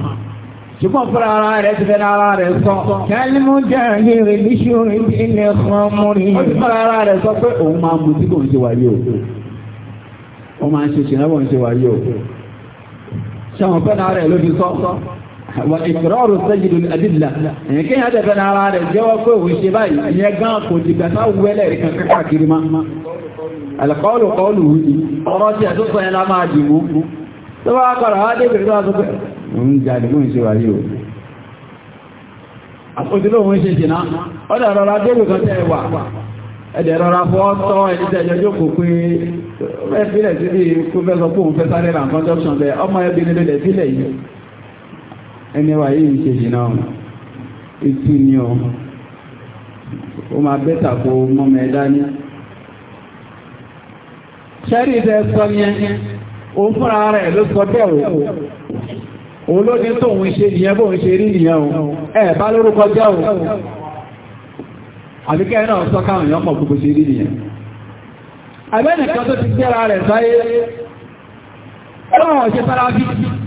[SPEAKER 1] ṣùgbọ́n fúnra ara rẹ̀ ti fẹ́ra ara rẹ̀ sọ kẹ́límù jẹ́rìí rẹ̀ ní ṣúrí ilẹ̀ fún múrí ó ti fúnra ara rẹ̀ sọ pé òun máa o ó máa ń ṣe ṣìnà o ṣe àwọn fẹ́ra وإقرار السيد الأدلة يعني هذا بنا على الجواب وشباي يقان قد بنا ولا يكن كحاكر ما القول قوله أراتي أدوصة إلى ما أجيبه سواء قرأ هذا بإقرار من جالبون شواليه أقدروا من شجنا أنا رأى ديبو كتابة ẹ̀dẹ̀ rọra fọ́ tọ́ ẹni tẹ́jọ jókòó pé ẹ̀fílẹ̀ sí bí kó fẹ́ sọ fẹ́ sáré ra nǹkan bẹ ọmọ ẹbí nílẹ̀ sílẹ̀ yìí ẹni wa yìí ń ṣe ṣìnà ìtú ni ọ ó máa bẹ́tà kó mọ́mọ ẹ dání. sẹ́rí ìfẹ́ sọ yẹn òun fúnra rẹ̀ ló sọ bẹ́ẹ̀ o òun ló ní tóun ṣe nìyẹn bóun ṣe rí nìyẹn o ẹ bá lórúkọ o àbíkẹ́ náà sọ káwọn èèyàn mọ̀ gbogbo ṣe rí nìyẹn. àbẹ́nìkan tó ti gbéra rẹ̀ sáyé ọ̀ṣẹ́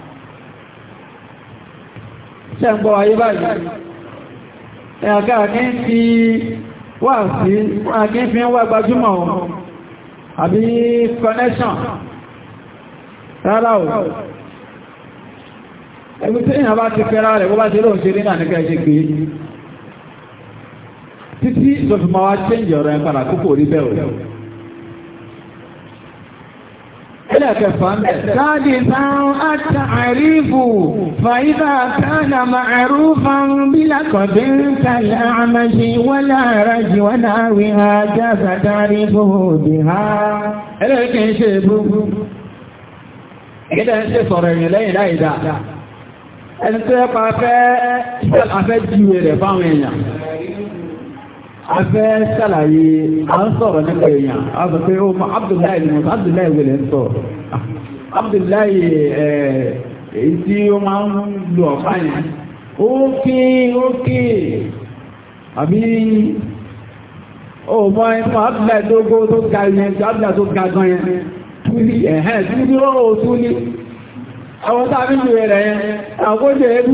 [SPEAKER 1] tẹ́ ń gbọ́ ayé báyìí ẹ̀yàká kí ń fi wà gbajúmọ̀ àbí connection rárá o ẹgbẹ́ tí èyàn bá ti fẹ́ rárẹ̀ bó bá ti lóòun ṣe rí náà ṣe pé títí lọ́fìmọ̀ wá change ọ̀rọ̀ ẹlẹ́kẹfà ń bẹ̀. káàdì sáwọn àtà àrífù fàyíbà kánà màrú fanbílà kọ̀dé kàlà àmàṣe wọlé àràjì wọlé àwìn ajá sàdárí fòdì ha. ẹlẹ́kẹ̀ ń ṣe ebúbú. ẹ̀gẹ́dẹ̀ ń ṣe sọ̀rọ̀ ẹ̀yìn lẹ́yìn láì dáa. ẹni tó yẹ pa afẹ́ afẹ́ rẹ̀ fáwọn èèyàn afẹ́ ṣàlàyé à ń sọ̀rọ̀ nípa èèyàn a sọ pé ó mọ Abdullahi ni mo sọ Abdullahi wẹ̀lẹ̀ ń sọ ah, Abdullahi èyí tí ó máa ń lo ọ̀pá yẹn ókè ókè àbí ó mọ ẹ̀fọ́ Abdullahi tó gbó tó ga yẹn Abdullahi tó ga gan yẹn túlí ẹ̀hẹ́ túlí ó túlí àwọn tá fi ń lo ẹ̀rẹ̀ yẹn àwọn ẹbí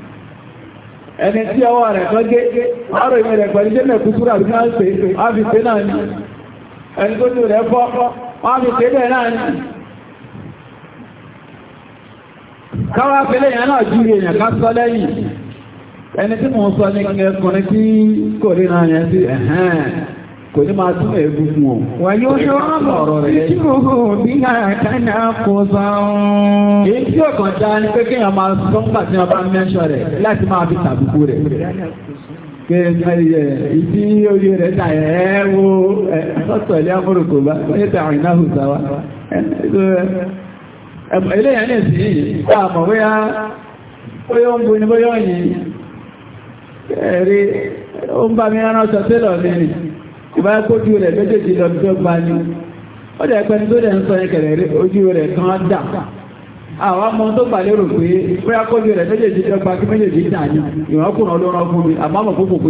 [SPEAKER 1] ẹni tí ọwọ́ rẹ̀ tó gé ọrọ̀ ìwé rẹ̀ pẹ̀lú jẹ́ mẹ́kútúrà bí náà pé áfìsé náà ni ẹni tó ní rẹ̀ fọ́ áfìsé bẹ̀ náà ni káwà pẹ̀lẹ̀ yẹn náà ju èèyàn ká sọ lẹ́yìn ẹni tí mo sọ ní ẹkùnrin tí kò rí náà yẹn sí ẹ̀hẹ́n kò ní máa tún ẹ̀ẹ́gún fún ọ. wàyí oṣù ọ̀rọ̀ rẹ̀ tí o kò bí àkànná kò sọ ọ́n. èyí tí ọkàn dá ni pé kéèyàn máa sọ nígbà tí wọn bá mẹ́ṣọ rẹ̀ láti máa fi tàbùkù rẹ̀. ìdí orí rẹ̀ dà ẹ́ wo sọ́tọ̀ ilé amúrùkù bá ní tààrin náà hù sáwá. eléyàn ní ìsìn yìí tá a mọ̀ bóyá bóyá ń bu ni bóyá yìí. ẹ̀rí ó ń bá mi rán ìbá kójú rẹ̀ méjèèjì lọ dọ́gba ni ó dẹ̀ pẹ́ni tó dẹ̀ ń sọ ẹkẹ̀rẹ̀ rí ojú rẹ̀ kan dà àwọn ọmọ tó gbàlérò pé bóyá kójú rẹ̀ méjèèjì dọ́gba kí méjèèjì dà ní ìwọ̀n kùnà olóró fún mi àmọ́ fún lójú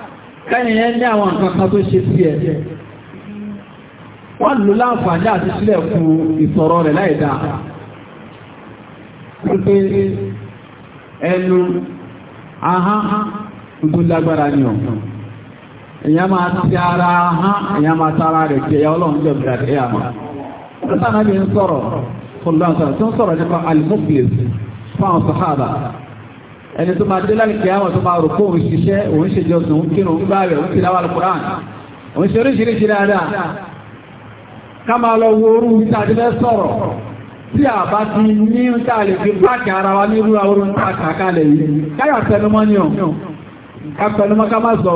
[SPEAKER 1] kẹ́yìn ní àwọn nǹkan tó ṣe sí ẹ̀ wọ́n lò láǹfààní àti sílẹ̀ fún ìsọ̀rọ̀ rẹ̀ láìdá pípé ẹnu ahán tó lágbára ní ọ̀kan èyàn máa ti ara ahán èyàn máa tara ẹni tó máa dé lálẹ́kẹ́ àwọn tó máa rò kó òun ṣiṣẹ́ òun ṣe jọsùn òun kírun òun gbáàrẹ̀ òun ti láwà lùkùrán òun ṣe oríṣiríṣi dáadáa ká máa lọ wo orú tí a ti fẹ́ sọ̀rọ̀ tí a bá ti ní ká lè fi páàkì ara wa nírú àwọn páàkì àkálẹ̀ yìí káyà pẹnumọ́ ní ọ̀ ká pẹnumọ́ ká má sọ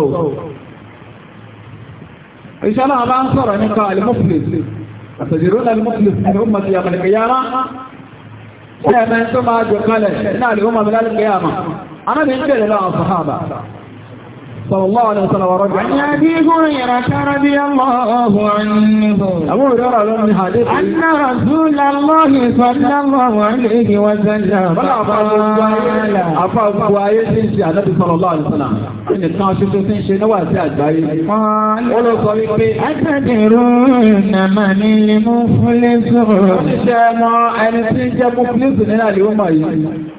[SPEAKER 1] ò ìṣẹ́ náà bá ń sọ̀rọ̀ nípa alimọ́fìlẹ̀ àtẹ̀jẹ̀rọ̀ alimọ́fìlẹ̀ Ẹ̀mẹ́ tó máa jọ kalẹ̀ náà lè ó máa bí lálẹ́ pé àmà. صلى الله عليه وسلم ورجع عن أبي هريرة رضي الله عنه أبو هريرة من حديث أن رسول الله صلى الله عليه وسلم قال أفاق وآيات النبي صلى الله عليه وسلم إن كان شتوتين شيء نواسي أجبائي قال ولو صليك أتدرون من المفلس إن شاء الله أن تجد مفلس لنا اليوم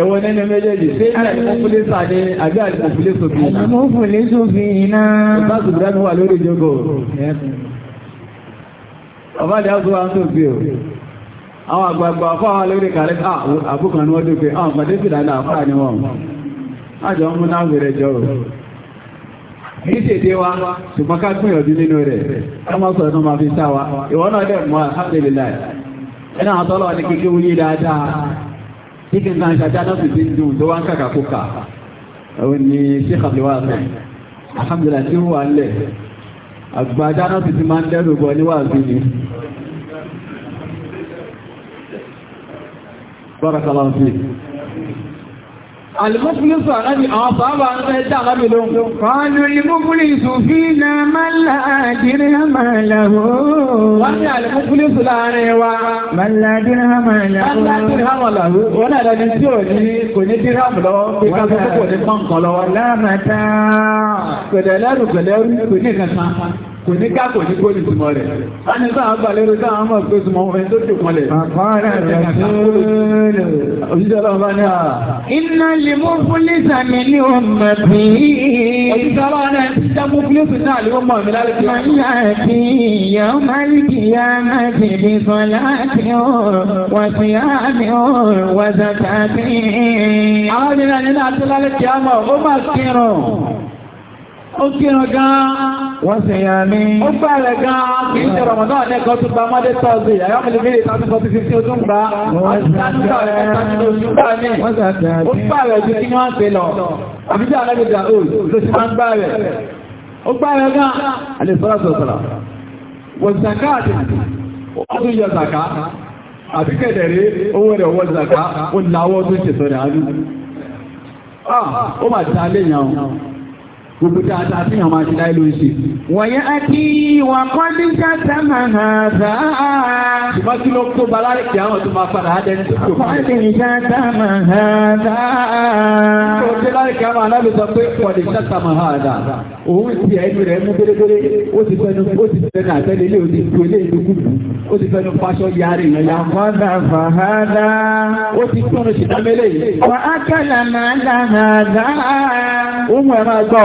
[SPEAKER 1] Ẹ̀wọ̀n nínú méjèèjì, ṣé ní àìmọ́fúlé sàdé àbí àìmọ́fúlé sòfin náà? Àìmọ́fúlé sòfin náà. Ìbá Zùbúrá ní wà lórí ìjókòó. Ọba ni a tó o. Àwọn àgbààgbà fún àwọn àbúkan wọ́n àwọn sì ń mú náà jọ o. Kìí ṣe dé wa, ṣùgbọ́n ká gbìyànjú nínú rẹ̀. Ká má sọ̀rọ̀ kíkẹ́ náà ṣàjá náà sì ti ń dùn tó wá ń kàkà kó kà òun ni Sheikh Abdulwahab alhamdulillah tí ó wà ń lẹ̀ àgbàjá náà sì ti máa ń dẹ́rù bọ níwáàzú ni barakallahu fi Àlùmọ́fúnlẹ́sù àrábì àwọn bàbá ń fẹ́ dà lábì ló. Kọlu ìmúfúnlẹ́sù fi na mọ́lá àdírí àmàlàwò. Wọ́n ní àlùmọ́fúnlẹ́sù láàrin wa. Mọ́lá àdírí àmàlàwò. Mọ́lá àdírí àmàlàwò. Wọ́n náà lọ́dún tí ò ní kò ní dírí àmàlàwò pé ká tó kò ní pọ́ǹkan lọ́wọ́. Lámàtà. Kò kò ní ká kò ní kó ní túnmọ̀ rẹ̀. a ní sáà ń balẹ̀ rẹ̀ sáà ń mọ̀ pé túnmọ̀ ọmọ ẹni tó jù mọ́lẹ̀. àpárá rẹ̀ tó òṣìṣẹ́ ọlọ́run bá ní à. iná lè mú fúlísà mi ní ọmọ bí. òṣìṣẹ́ ọlọ́run náà ti já mú fúlísà náà lè mọ̀ mi lálẹ́ tí. ọ̀yà àti ìyá ọmọ ìkìyà máa ti di sọlá àti ọ̀rọ̀ wà sí àmì ọ̀rọ̀ wà sàkàtì. àwọn ènìyàn nínú àti lálẹ́ kí á mọ̀ ó máa kírun ó kírun gan-an. wọ́n sì yàn ní. ó bẹ̀rẹ̀ gan-an kì í ṣe rọ̀mọ̀dán lẹ́kọ̀ọ́ tó gba mọ́dé tọ́sí àyọ́ mi lè fi ìta tó fọ́tí fífi ojú ń gbà. wọ́n sàtẹ̀ ó bẹ̀rẹ̀ ju kí wọ́n pè lọ. àbíjà alágbèjà ó ló ti máa ń gbà rẹ̀. ó bẹ̀rẹ̀ gan-an. alẹ́ gbogbo tí a ta fi hàn máa ṣe láì lórí sí. wọ̀nyẹ́ àti ìwà kọ́díjà sẹ́mà náà sá. ṣùgbọ́n kí ló kó balárì kí àwọn tó máa padà á dẹni tó kò fún mi. kọ́díjà sẹ́mà náà sá. kò tí láì kí àwọn aláàbò sọ pé kọ́díjà sẹ́mà náà dà. òun ti ẹni rẹ̀ mú bérébéré ó ti fẹnu ó ti fẹnu àtẹ́lẹ́ ilé òdi tu ilé ìlú kùkù ó ti fẹnu faṣọ yarí yẹn ya. àkọ́dà fàhádà. ó ti tún un ṣì dámẹ́lẹ̀ yìí. wà á kẹ́lẹ̀ máa dà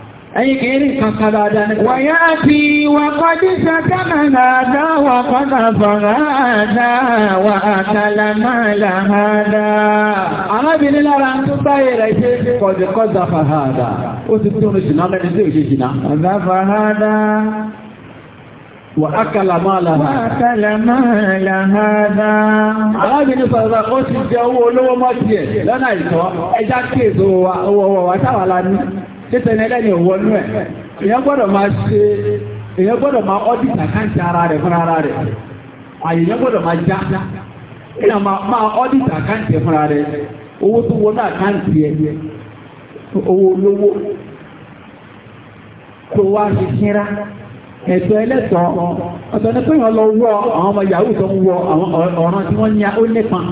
[SPEAKER 1] Ẹyin kìí rí nǹkan kan dáadáa nípa. Wọ̀nyá ti wà kọjú sàkánà àdá wà kọ́nà fọ̀rọ̀ àdá wà àkàlà máa làhádá. Arábìnrin lára ń tó báyé rẹ̀ ṣe ṣe kọ̀dẹ̀kọ́dà fàhádá. Ó ti tún rí jìnà mẹ́rin tí ò ṣe jìnà. Àdá fàhádá. Wà ákàlà máa làhádá. Arábìnrin sọ̀rọ̀ ó ti jẹ owó olówó mọ́ tẹ́tẹ̀ni ẹlẹ́ni òwọnú ẹ̀ èyàn gbọ́dọ̀ máa ṣe èyàn ara rẹ̀ fúnra ara rẹ̀ àyèyàn gbọ́dọ̀ máa já èyàn máa audit àkáǹtì fúnra rẹ̀ owó tó wọnú àkáǹtì ẹ̀ owó olówó tó wá ṣe kíra ẹ̀tọ́ ẹlẹ́tọ̀ọ́ ọ̀tọ̀ pé wọ́n lọ wọ́ àwọn ọmọ yahoo tó ń wọ àwọn ọ̀ràn tí wọ́n ní ó nípan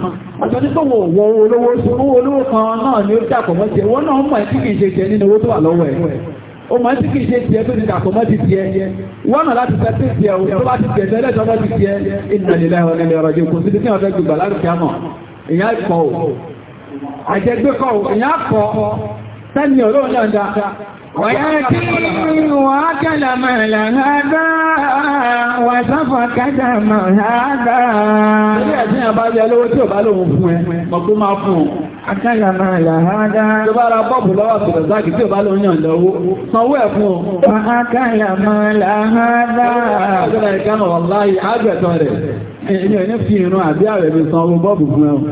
[SPEAKER 1] ọ̀tọ̀ pé wọ́n wọ olówó owó olówó kan náà ni ó dàpọ̀ mọ́ wọ́n náà mọ̀ tí kìí ṣe nínú owó tó wà lọ́wọ́ ẹ̀ ويأتي وأكل مال هذا وسفك دم هذا Ilé ẹ̀sìn àbájá lówó tí ò bá lòun fún ẹ, mọ̀ kó máa fún ọ. Akẹ́lẹ̀ máa là á dá. Tó bá ra bọ́ọ̀bù lọ́wọ́ tí ò bá lòun fún ọ. Akẹ́lẹ̀ máa fún ẹ.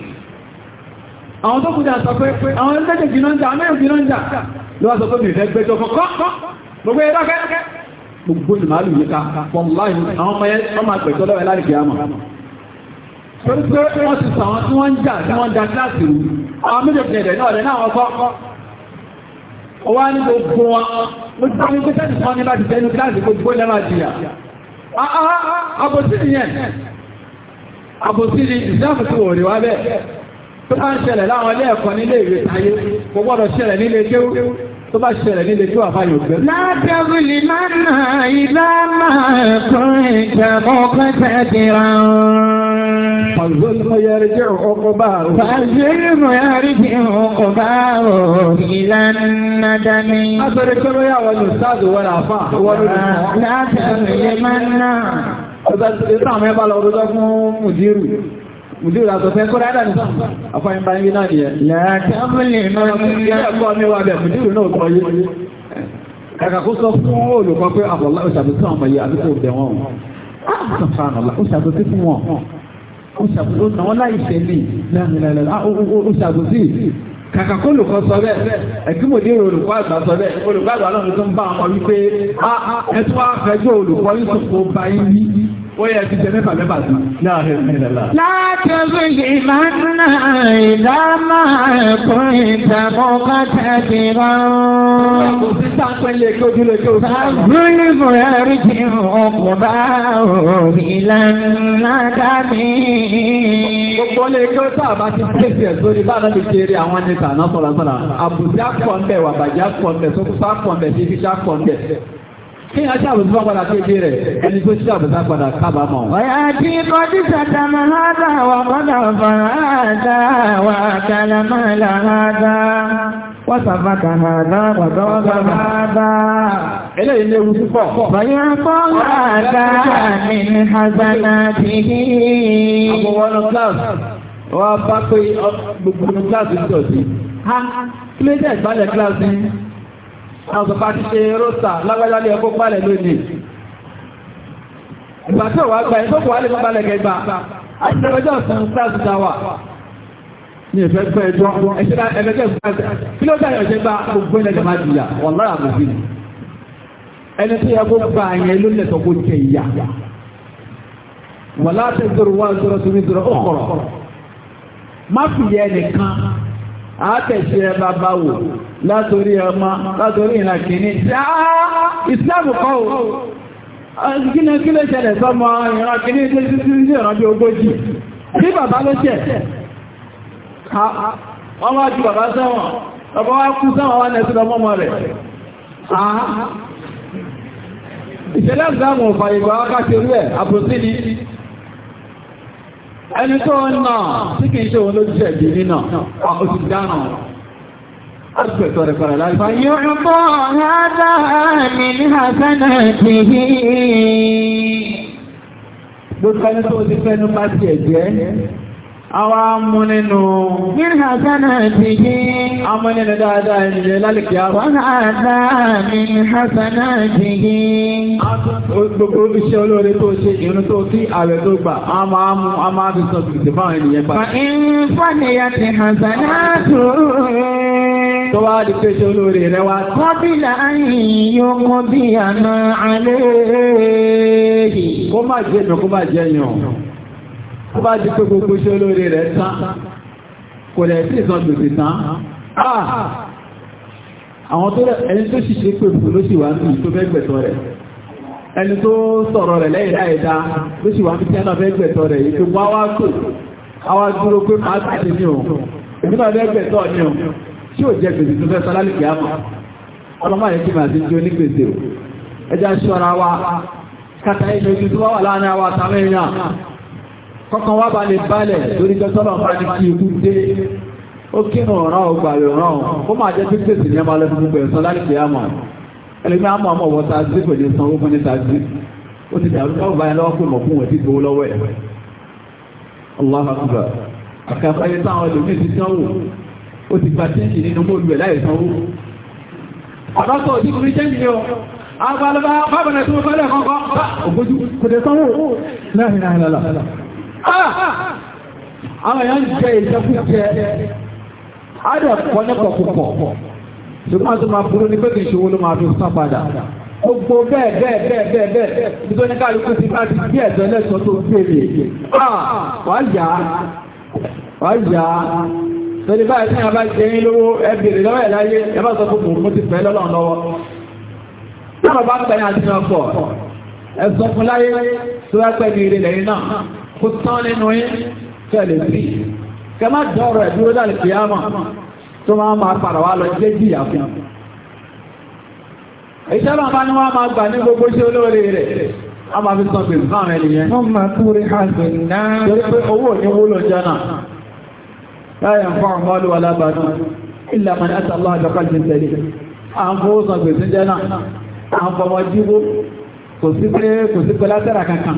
[SPEAKER 1] àwọn tó kúrò àtọ́ pé àwọn ẹgbẹ́jẹ̀ jìnà ń jà mẹ́rin jìnà ń jà ló wá sọ pé mìí fẹ́ gbẹ́jọ kọ́kọ́ e gbogbo ẹ̀rọ́gẹ́ gbogbo ìmàlù yìí ká pọ̀láì àwọn ọmọ ọmọ àgbẹ̀tọ́ lọ́wẹ́ láì kí á mọ̀ pẹ̀lú pé wọ́n ti sọ àwọn tí wọ́n ń jà tó bá ń ṣẹlẹ̀ láwọn ilé ẹ̀kọ́ nílé ìwé ayé kò gbọ́dọ̀ ṣẹlẹ̀ nílé kéwú tó bá ṣẹlẹ̀ nílé kéwú àbáyọ̀ gbẹ. ládàbù máa Ìlànà dání. Aṣọ́rẹ́ kí ló yà wọ́n ní sáàdù wọ́n àfà Mùsùlùmí àtọ̀ fẹ́ kọ́rọ̀ àdàní àfáyín bá ń rí náà nìyẹn. Láàtàbílì náà ń rí ẹ̀kọ́ mi wà bẹ̀ mùsùlùmí náà kọ́ yìí. Kàkà kó sọ fún olùkọ́ pé àbọ̀lá ah, òṣàbùsùn ọmọ yìí àbíkò bẹ̀ wọ́n. Ó ṣàbùsùn fún wọn àwọn láìṣẹ́ ní láàrínlẹ́lẹ́ oṣàbòsí kàkà kó lùkọ́ sọ bẹ́ẹ̀ ẹ̀kímòdé olùkọ́ àgbà sọ bẹ́ẹ̀ olùkọ́ àgbà náà tó ń bá ọmọ wípé ah, ah, ẹ̀tún wá fẹjọ́ olùkọ́ yìí tó kó báyìí Oye ti jẹ mẹ́fà mẹ́fà sí. Látọ̀bí ìmọ̀nà rán. Gbogbo lè kí o sábà ti pèsè sórí bá láti kéré àwọn ẹni tàná sọ̀rọ̀ sọ̀rọ̀. Àbùjá pọ̀ ń bẹ̀, wàbàjá pọ̀ ń bẹ̀, sókúsá pọ̀ ń bẹ̀, fífíṣá Kí a ṣàbùsí bá padà kéèké rẹ̀, ẹni tó ṣàbùsí padà kábàámọ̀. Ọ̀yá tí kọ́ tí sàtàmà hádà wà padà fara hádà wà kàlámà là hádà. Wọ́n sàfàkà hádà wà gọ́gọ́ hádà. Eléyìí léwu púpọ̀. Bàyá kọ́ hádà mi ní Hazana ti hí. Àbúwọ́nù kíláàsì, wọ́n bá pé gbogbo àwọn ti ṣe róta lónìí ìgbà tí wà gbà ẹ̀tọ́ wà lè mọ́ balẹ̀ gẹgbà àti ọ̀sán sáàsì ní ìfẹ́ ẹjọ́ ẹgbẹ́jẹ́ ìgbàjẹ́ kí látorí ọmọ látorí ìrìnàkìní tí á ìsìláàmù kọ́ ò kíni kí lè ṣẹlẹ̀ sọmọ ìrìnàkìní tí sí sí sí ìrànbí ogójì tí bàbá ló ṣẹ̀ wọ́n wá ju bàbá sẹ́wọ̀n bàbá wá kú sẹ́wọ̀n wá nẹ́sí lọ mọ́mọ́ rẹ̀ ìṣẹ̀lẹ̀ ìsìláàmù fàyègbà wákàtí orí ẹ̀ àbòsí ni ẹni tó ń nà Àgbẹ̀tọ̀ rẹ̀ padà láti fáyé. Yóò bọ́ rádá mi ní àsánà ti Gbogbo ẹni tó ti fẹ́ nípa ti ẹ̀jẹ̀. Àwa mú nínú. Mírìn àtànà ti yí. A mú nínú dáadáa ìrìnlẹ̀ lálìkì àwọn. Wọ́n àdá mi hàtànà ti yí. Gbogbo iṣẹ́ olóore tó ṣe ìrun tó kí ààrẹ tó gbà, a máa mú a máa fi sọ gbèsè fáwọn ènìyàn padà. Fọ́nìyà ti hàtànà tó. Tó wá di pé ṣe olóore rẹ wá. Kọ́bílà ayìn yóò mú bí àná alẹ́ yìí. Kó má jẹ́ mi, kó má jẹ́ yàn ó bá di pé gbogbo iṣẹ́ olóore rẹ̀ tán kò lẹ̀ sí ìsan gbèsè tán ah! àwọn tó rẹ̀ ẹni tó sì ṣe pé fún ló sì wá ní tó fẹ́ gbẹ̀tọ̀ rẹ̀ ẹni tó sọ̀rọ̀ rẹ̀ lẹ́yìn láìdá ló sì wá ní tíyánà fẹ́ gbẹ̀tọ̀ rẹ̀ yìí tó wá wá tó ẹja ṣọ́ra wa kàtà ìṣojú tó wà láàárín àwa àtàwọn èèyàn kọ́kàn wá balẹ̀ balẹ̀ lórí tọ́tọ́lọ̀ bá ní kí ikú dé ó kínú ọ̀ràn ọgbà ìrọ̀ràn ó máa jẹ́ pípẹ́ sí ní ọmọ alẹ́ gbogbo ẹ̀sán láti fi àmọ̀ ẹlẹ́gbẹ́ àmọ́ ọmọ ọ̀wọ́ ta sí kò lè san owó fún ní ta sí ó ti dàrú lọ́wọ́ báyìí lọ́wọ́ pé mọ̀ fún wọn ti gbowó lọ́wọ́ ẹ̀ Allahu Akbar àkàfáyé táwọn ẹlòmíì ti sanwó ó ti gba tẹ́ǹkì nínú mọ́ọ̀lù ẹ̀ láì sanwó àbátọ̀ òdìkú ní tẹ́ǹkì ni ọ àgbàlọ́bà bábọ̀nà tó fẹ́lẹ̀ kọ́kọ́ àwọn èèyàn jẹ ìjẹkújẹ adẹ̀ pọ̀ nípa púpọ̀ ṣùgbọ́n tó máa burú ní pé kìí ṣòwò ló máa fi sán padà gbogbo bẹ́ẹ̀ bẹ́ẹ̀ bẹ́ẹ̀ bẹ́ẹ̀ bẹ́ẹ̀ nítorí ní kálukú ti bá ti bí ẹ̀sọ́ lẹ́sọ́ tó gbèrè wà yá wà yá tẹ́lẹ̀ báyìí tí a bá jẹ́ yín lówó ẹgbẹ̀rẹ̀ lọ́wọ́ ẹ̀ láyé ẹ bá sọ fún mò ń ti fẹ́ lọ́lọ́run lọ́wọ́ náà bá ń pẹ̀yìn àti ọkọ̀ ẹ̀sọ́ fún láyé tó wá pẹ̀lú ìrẹ̀lẹ̀ yìí náà kò tán nínú yín tẹ̀lé sí kẹ má dọ́rọ̀ ẹ̀dúró dàlẹ̀ pé á mọ̀ tó máa máa padà wá lọ jẹ́ jìyà fún iṣẹ́ náà bá ní wọ́n máa gbà ní gbogbo iṣẹ́ olóore rẹ̀ a máa fi sọ́pẹ̀ fáwọn ènìyàn wọ́n máa kúrò àgbẹ̀ náà torí pé owó ní kò sí pé kò sí pé látẹ́rà kankan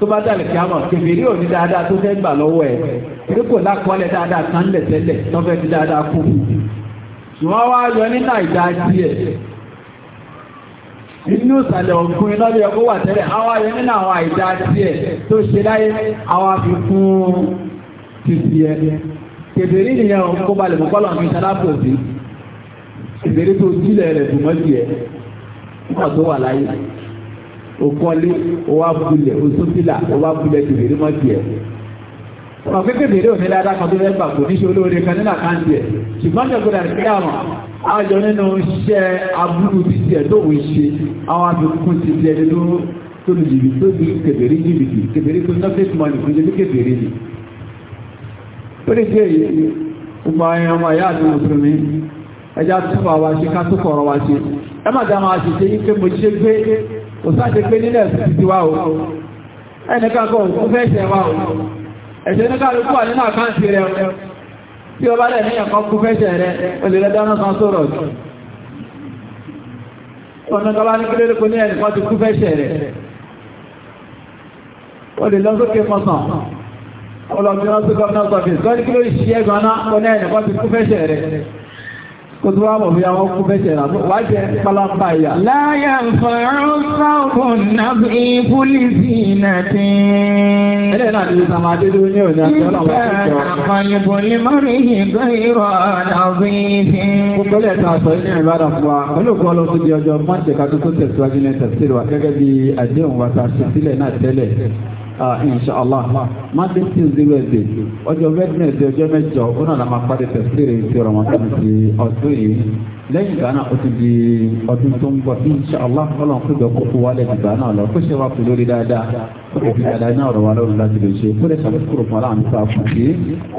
[SPEAKER 1] tó bá dàlẹ̀ kí a mọ̀ kèfèrí ò ní dáadáa tó fẹ́ gbà lọ́wọ́ ẹ̀ pé kò lákọọ́lẹ̀ dáadáa kan lẹ̀ tẹ́lẹ̀ tó fẹ́ di dáadáa kú ṣùgbọ́n wá yọ nínú àìdá díẹ̀ inú ìsàlẹ̀ òkun iná lè ọkọ̀ wà tẹ́lẹ̀ àwọn ayọ nínú àwọn àìdá díẹ̀ tó ṣe láyé àwọn àfikún ti fi ẹ kèfèrí nìyẹn kó balẹ̀ mọ́kọ́lọ̀ mi sálábò sí kèfèrí tó jílẹ̀ rẹ̀ dùmọ́ sí ẹ nígbà tó wà láyé òkọ́lé òwá bulẹ̀ òsófìlà òwá bulẹ̀ tìbèrè mọ́ tiẹ̀. ọ̀rọ̀ pé kébèrè òní ládá kan tó fẹ́ gbà kò ní ṣe olóore kan nínú àkáǹtì ẹ̀ ṣùgbọ́n jọ̀gbọ́dà ní kíláàmù àjọ nínú iṣẹ́ aburú ti tiẹ̀ tó wù ṣe àwọn abìkún ti tiẹ̀ nínú tó lu jìbì tó lu kébèrè jìbìtì kébèrè tó ná fẹ́ẹ́ mọ́ni fún jẹ́bí kébèrè ni. ó lè jẹ́ èyí gbogbo àwọn ọmọ ìyá àti mùsùlùmí ẹja túbọ̀ wa ṣe ká tó kọ̀ọ̀rọ̀ wa ṣe ẹ má dá máa ṣe ṣe yí pé mo ṣe gbé kò sáàtì pé nílẹ̀ sí ti wá o ẹnìkan kọ́ òkú fẹ́ ṣẹ̀ wá o ẹ̀ṣẹ̀ níkà ló púpà nínú àkáǹtì rẹ̀ tí ó bá lẹ̀ ní ẹ̀kọ́ kú fẹ́ ṣẹ̀ rẹ̀ olèrè dáná kan sọ̀rọ̀ ọ̀nà kọba ní kílé lókò ní ẹnìkan ti kú fẹ́ ṣẹ̀ rẹ̀ ó lè lọ sókè mọ́sàn ọlọ́gbìnrin sí gọ́ọ̀nà sọ́fíìsì kò tó wá mọ̀ bí àwọn kú bẹ́sẹ̀ rà wá jẹ́ pálápá ìyà. láyà fọ̀rọ̀ sáwọn nàbí pólísì nàtí. ẹlẹ́ náà ni sàmà ní òní àti ọlọ́wọ́ tó jọ. àkàlùbọ̀ lè di ọjọ́ mọ́tẹ̀ká tó tó tẹ̀síwájú inshallah monday tuesday wednesday ọjọ́ wednesday ọjọ́ mẹ́jọ ó náà la máa parí tẹsílẹ ti ramadan ti ọdún yìí lẹ́yìn ìgbà náà ó ti di ọdún tó ń bọ̀ inshallah Ọlọ́run kó jọ kó fún wa lẹ́yìn ìgbà náà lọ kó ṣe wá kú lórí dáadáa kó fi dáadáa náà rọ wa lọ́rùn láti lè ṣe kó lè ṣàkóso fún aláàánú fún àfún sí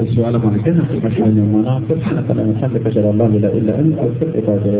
[SPEAKER 1] oṣù alamọ̀nìkẹ́nà tó máa ṣe ọ̀nà ìmọ̀ná fẹ́ẹ́ fẹ́ẹ́ fẹ́ẹ́ fẹ́ẹ́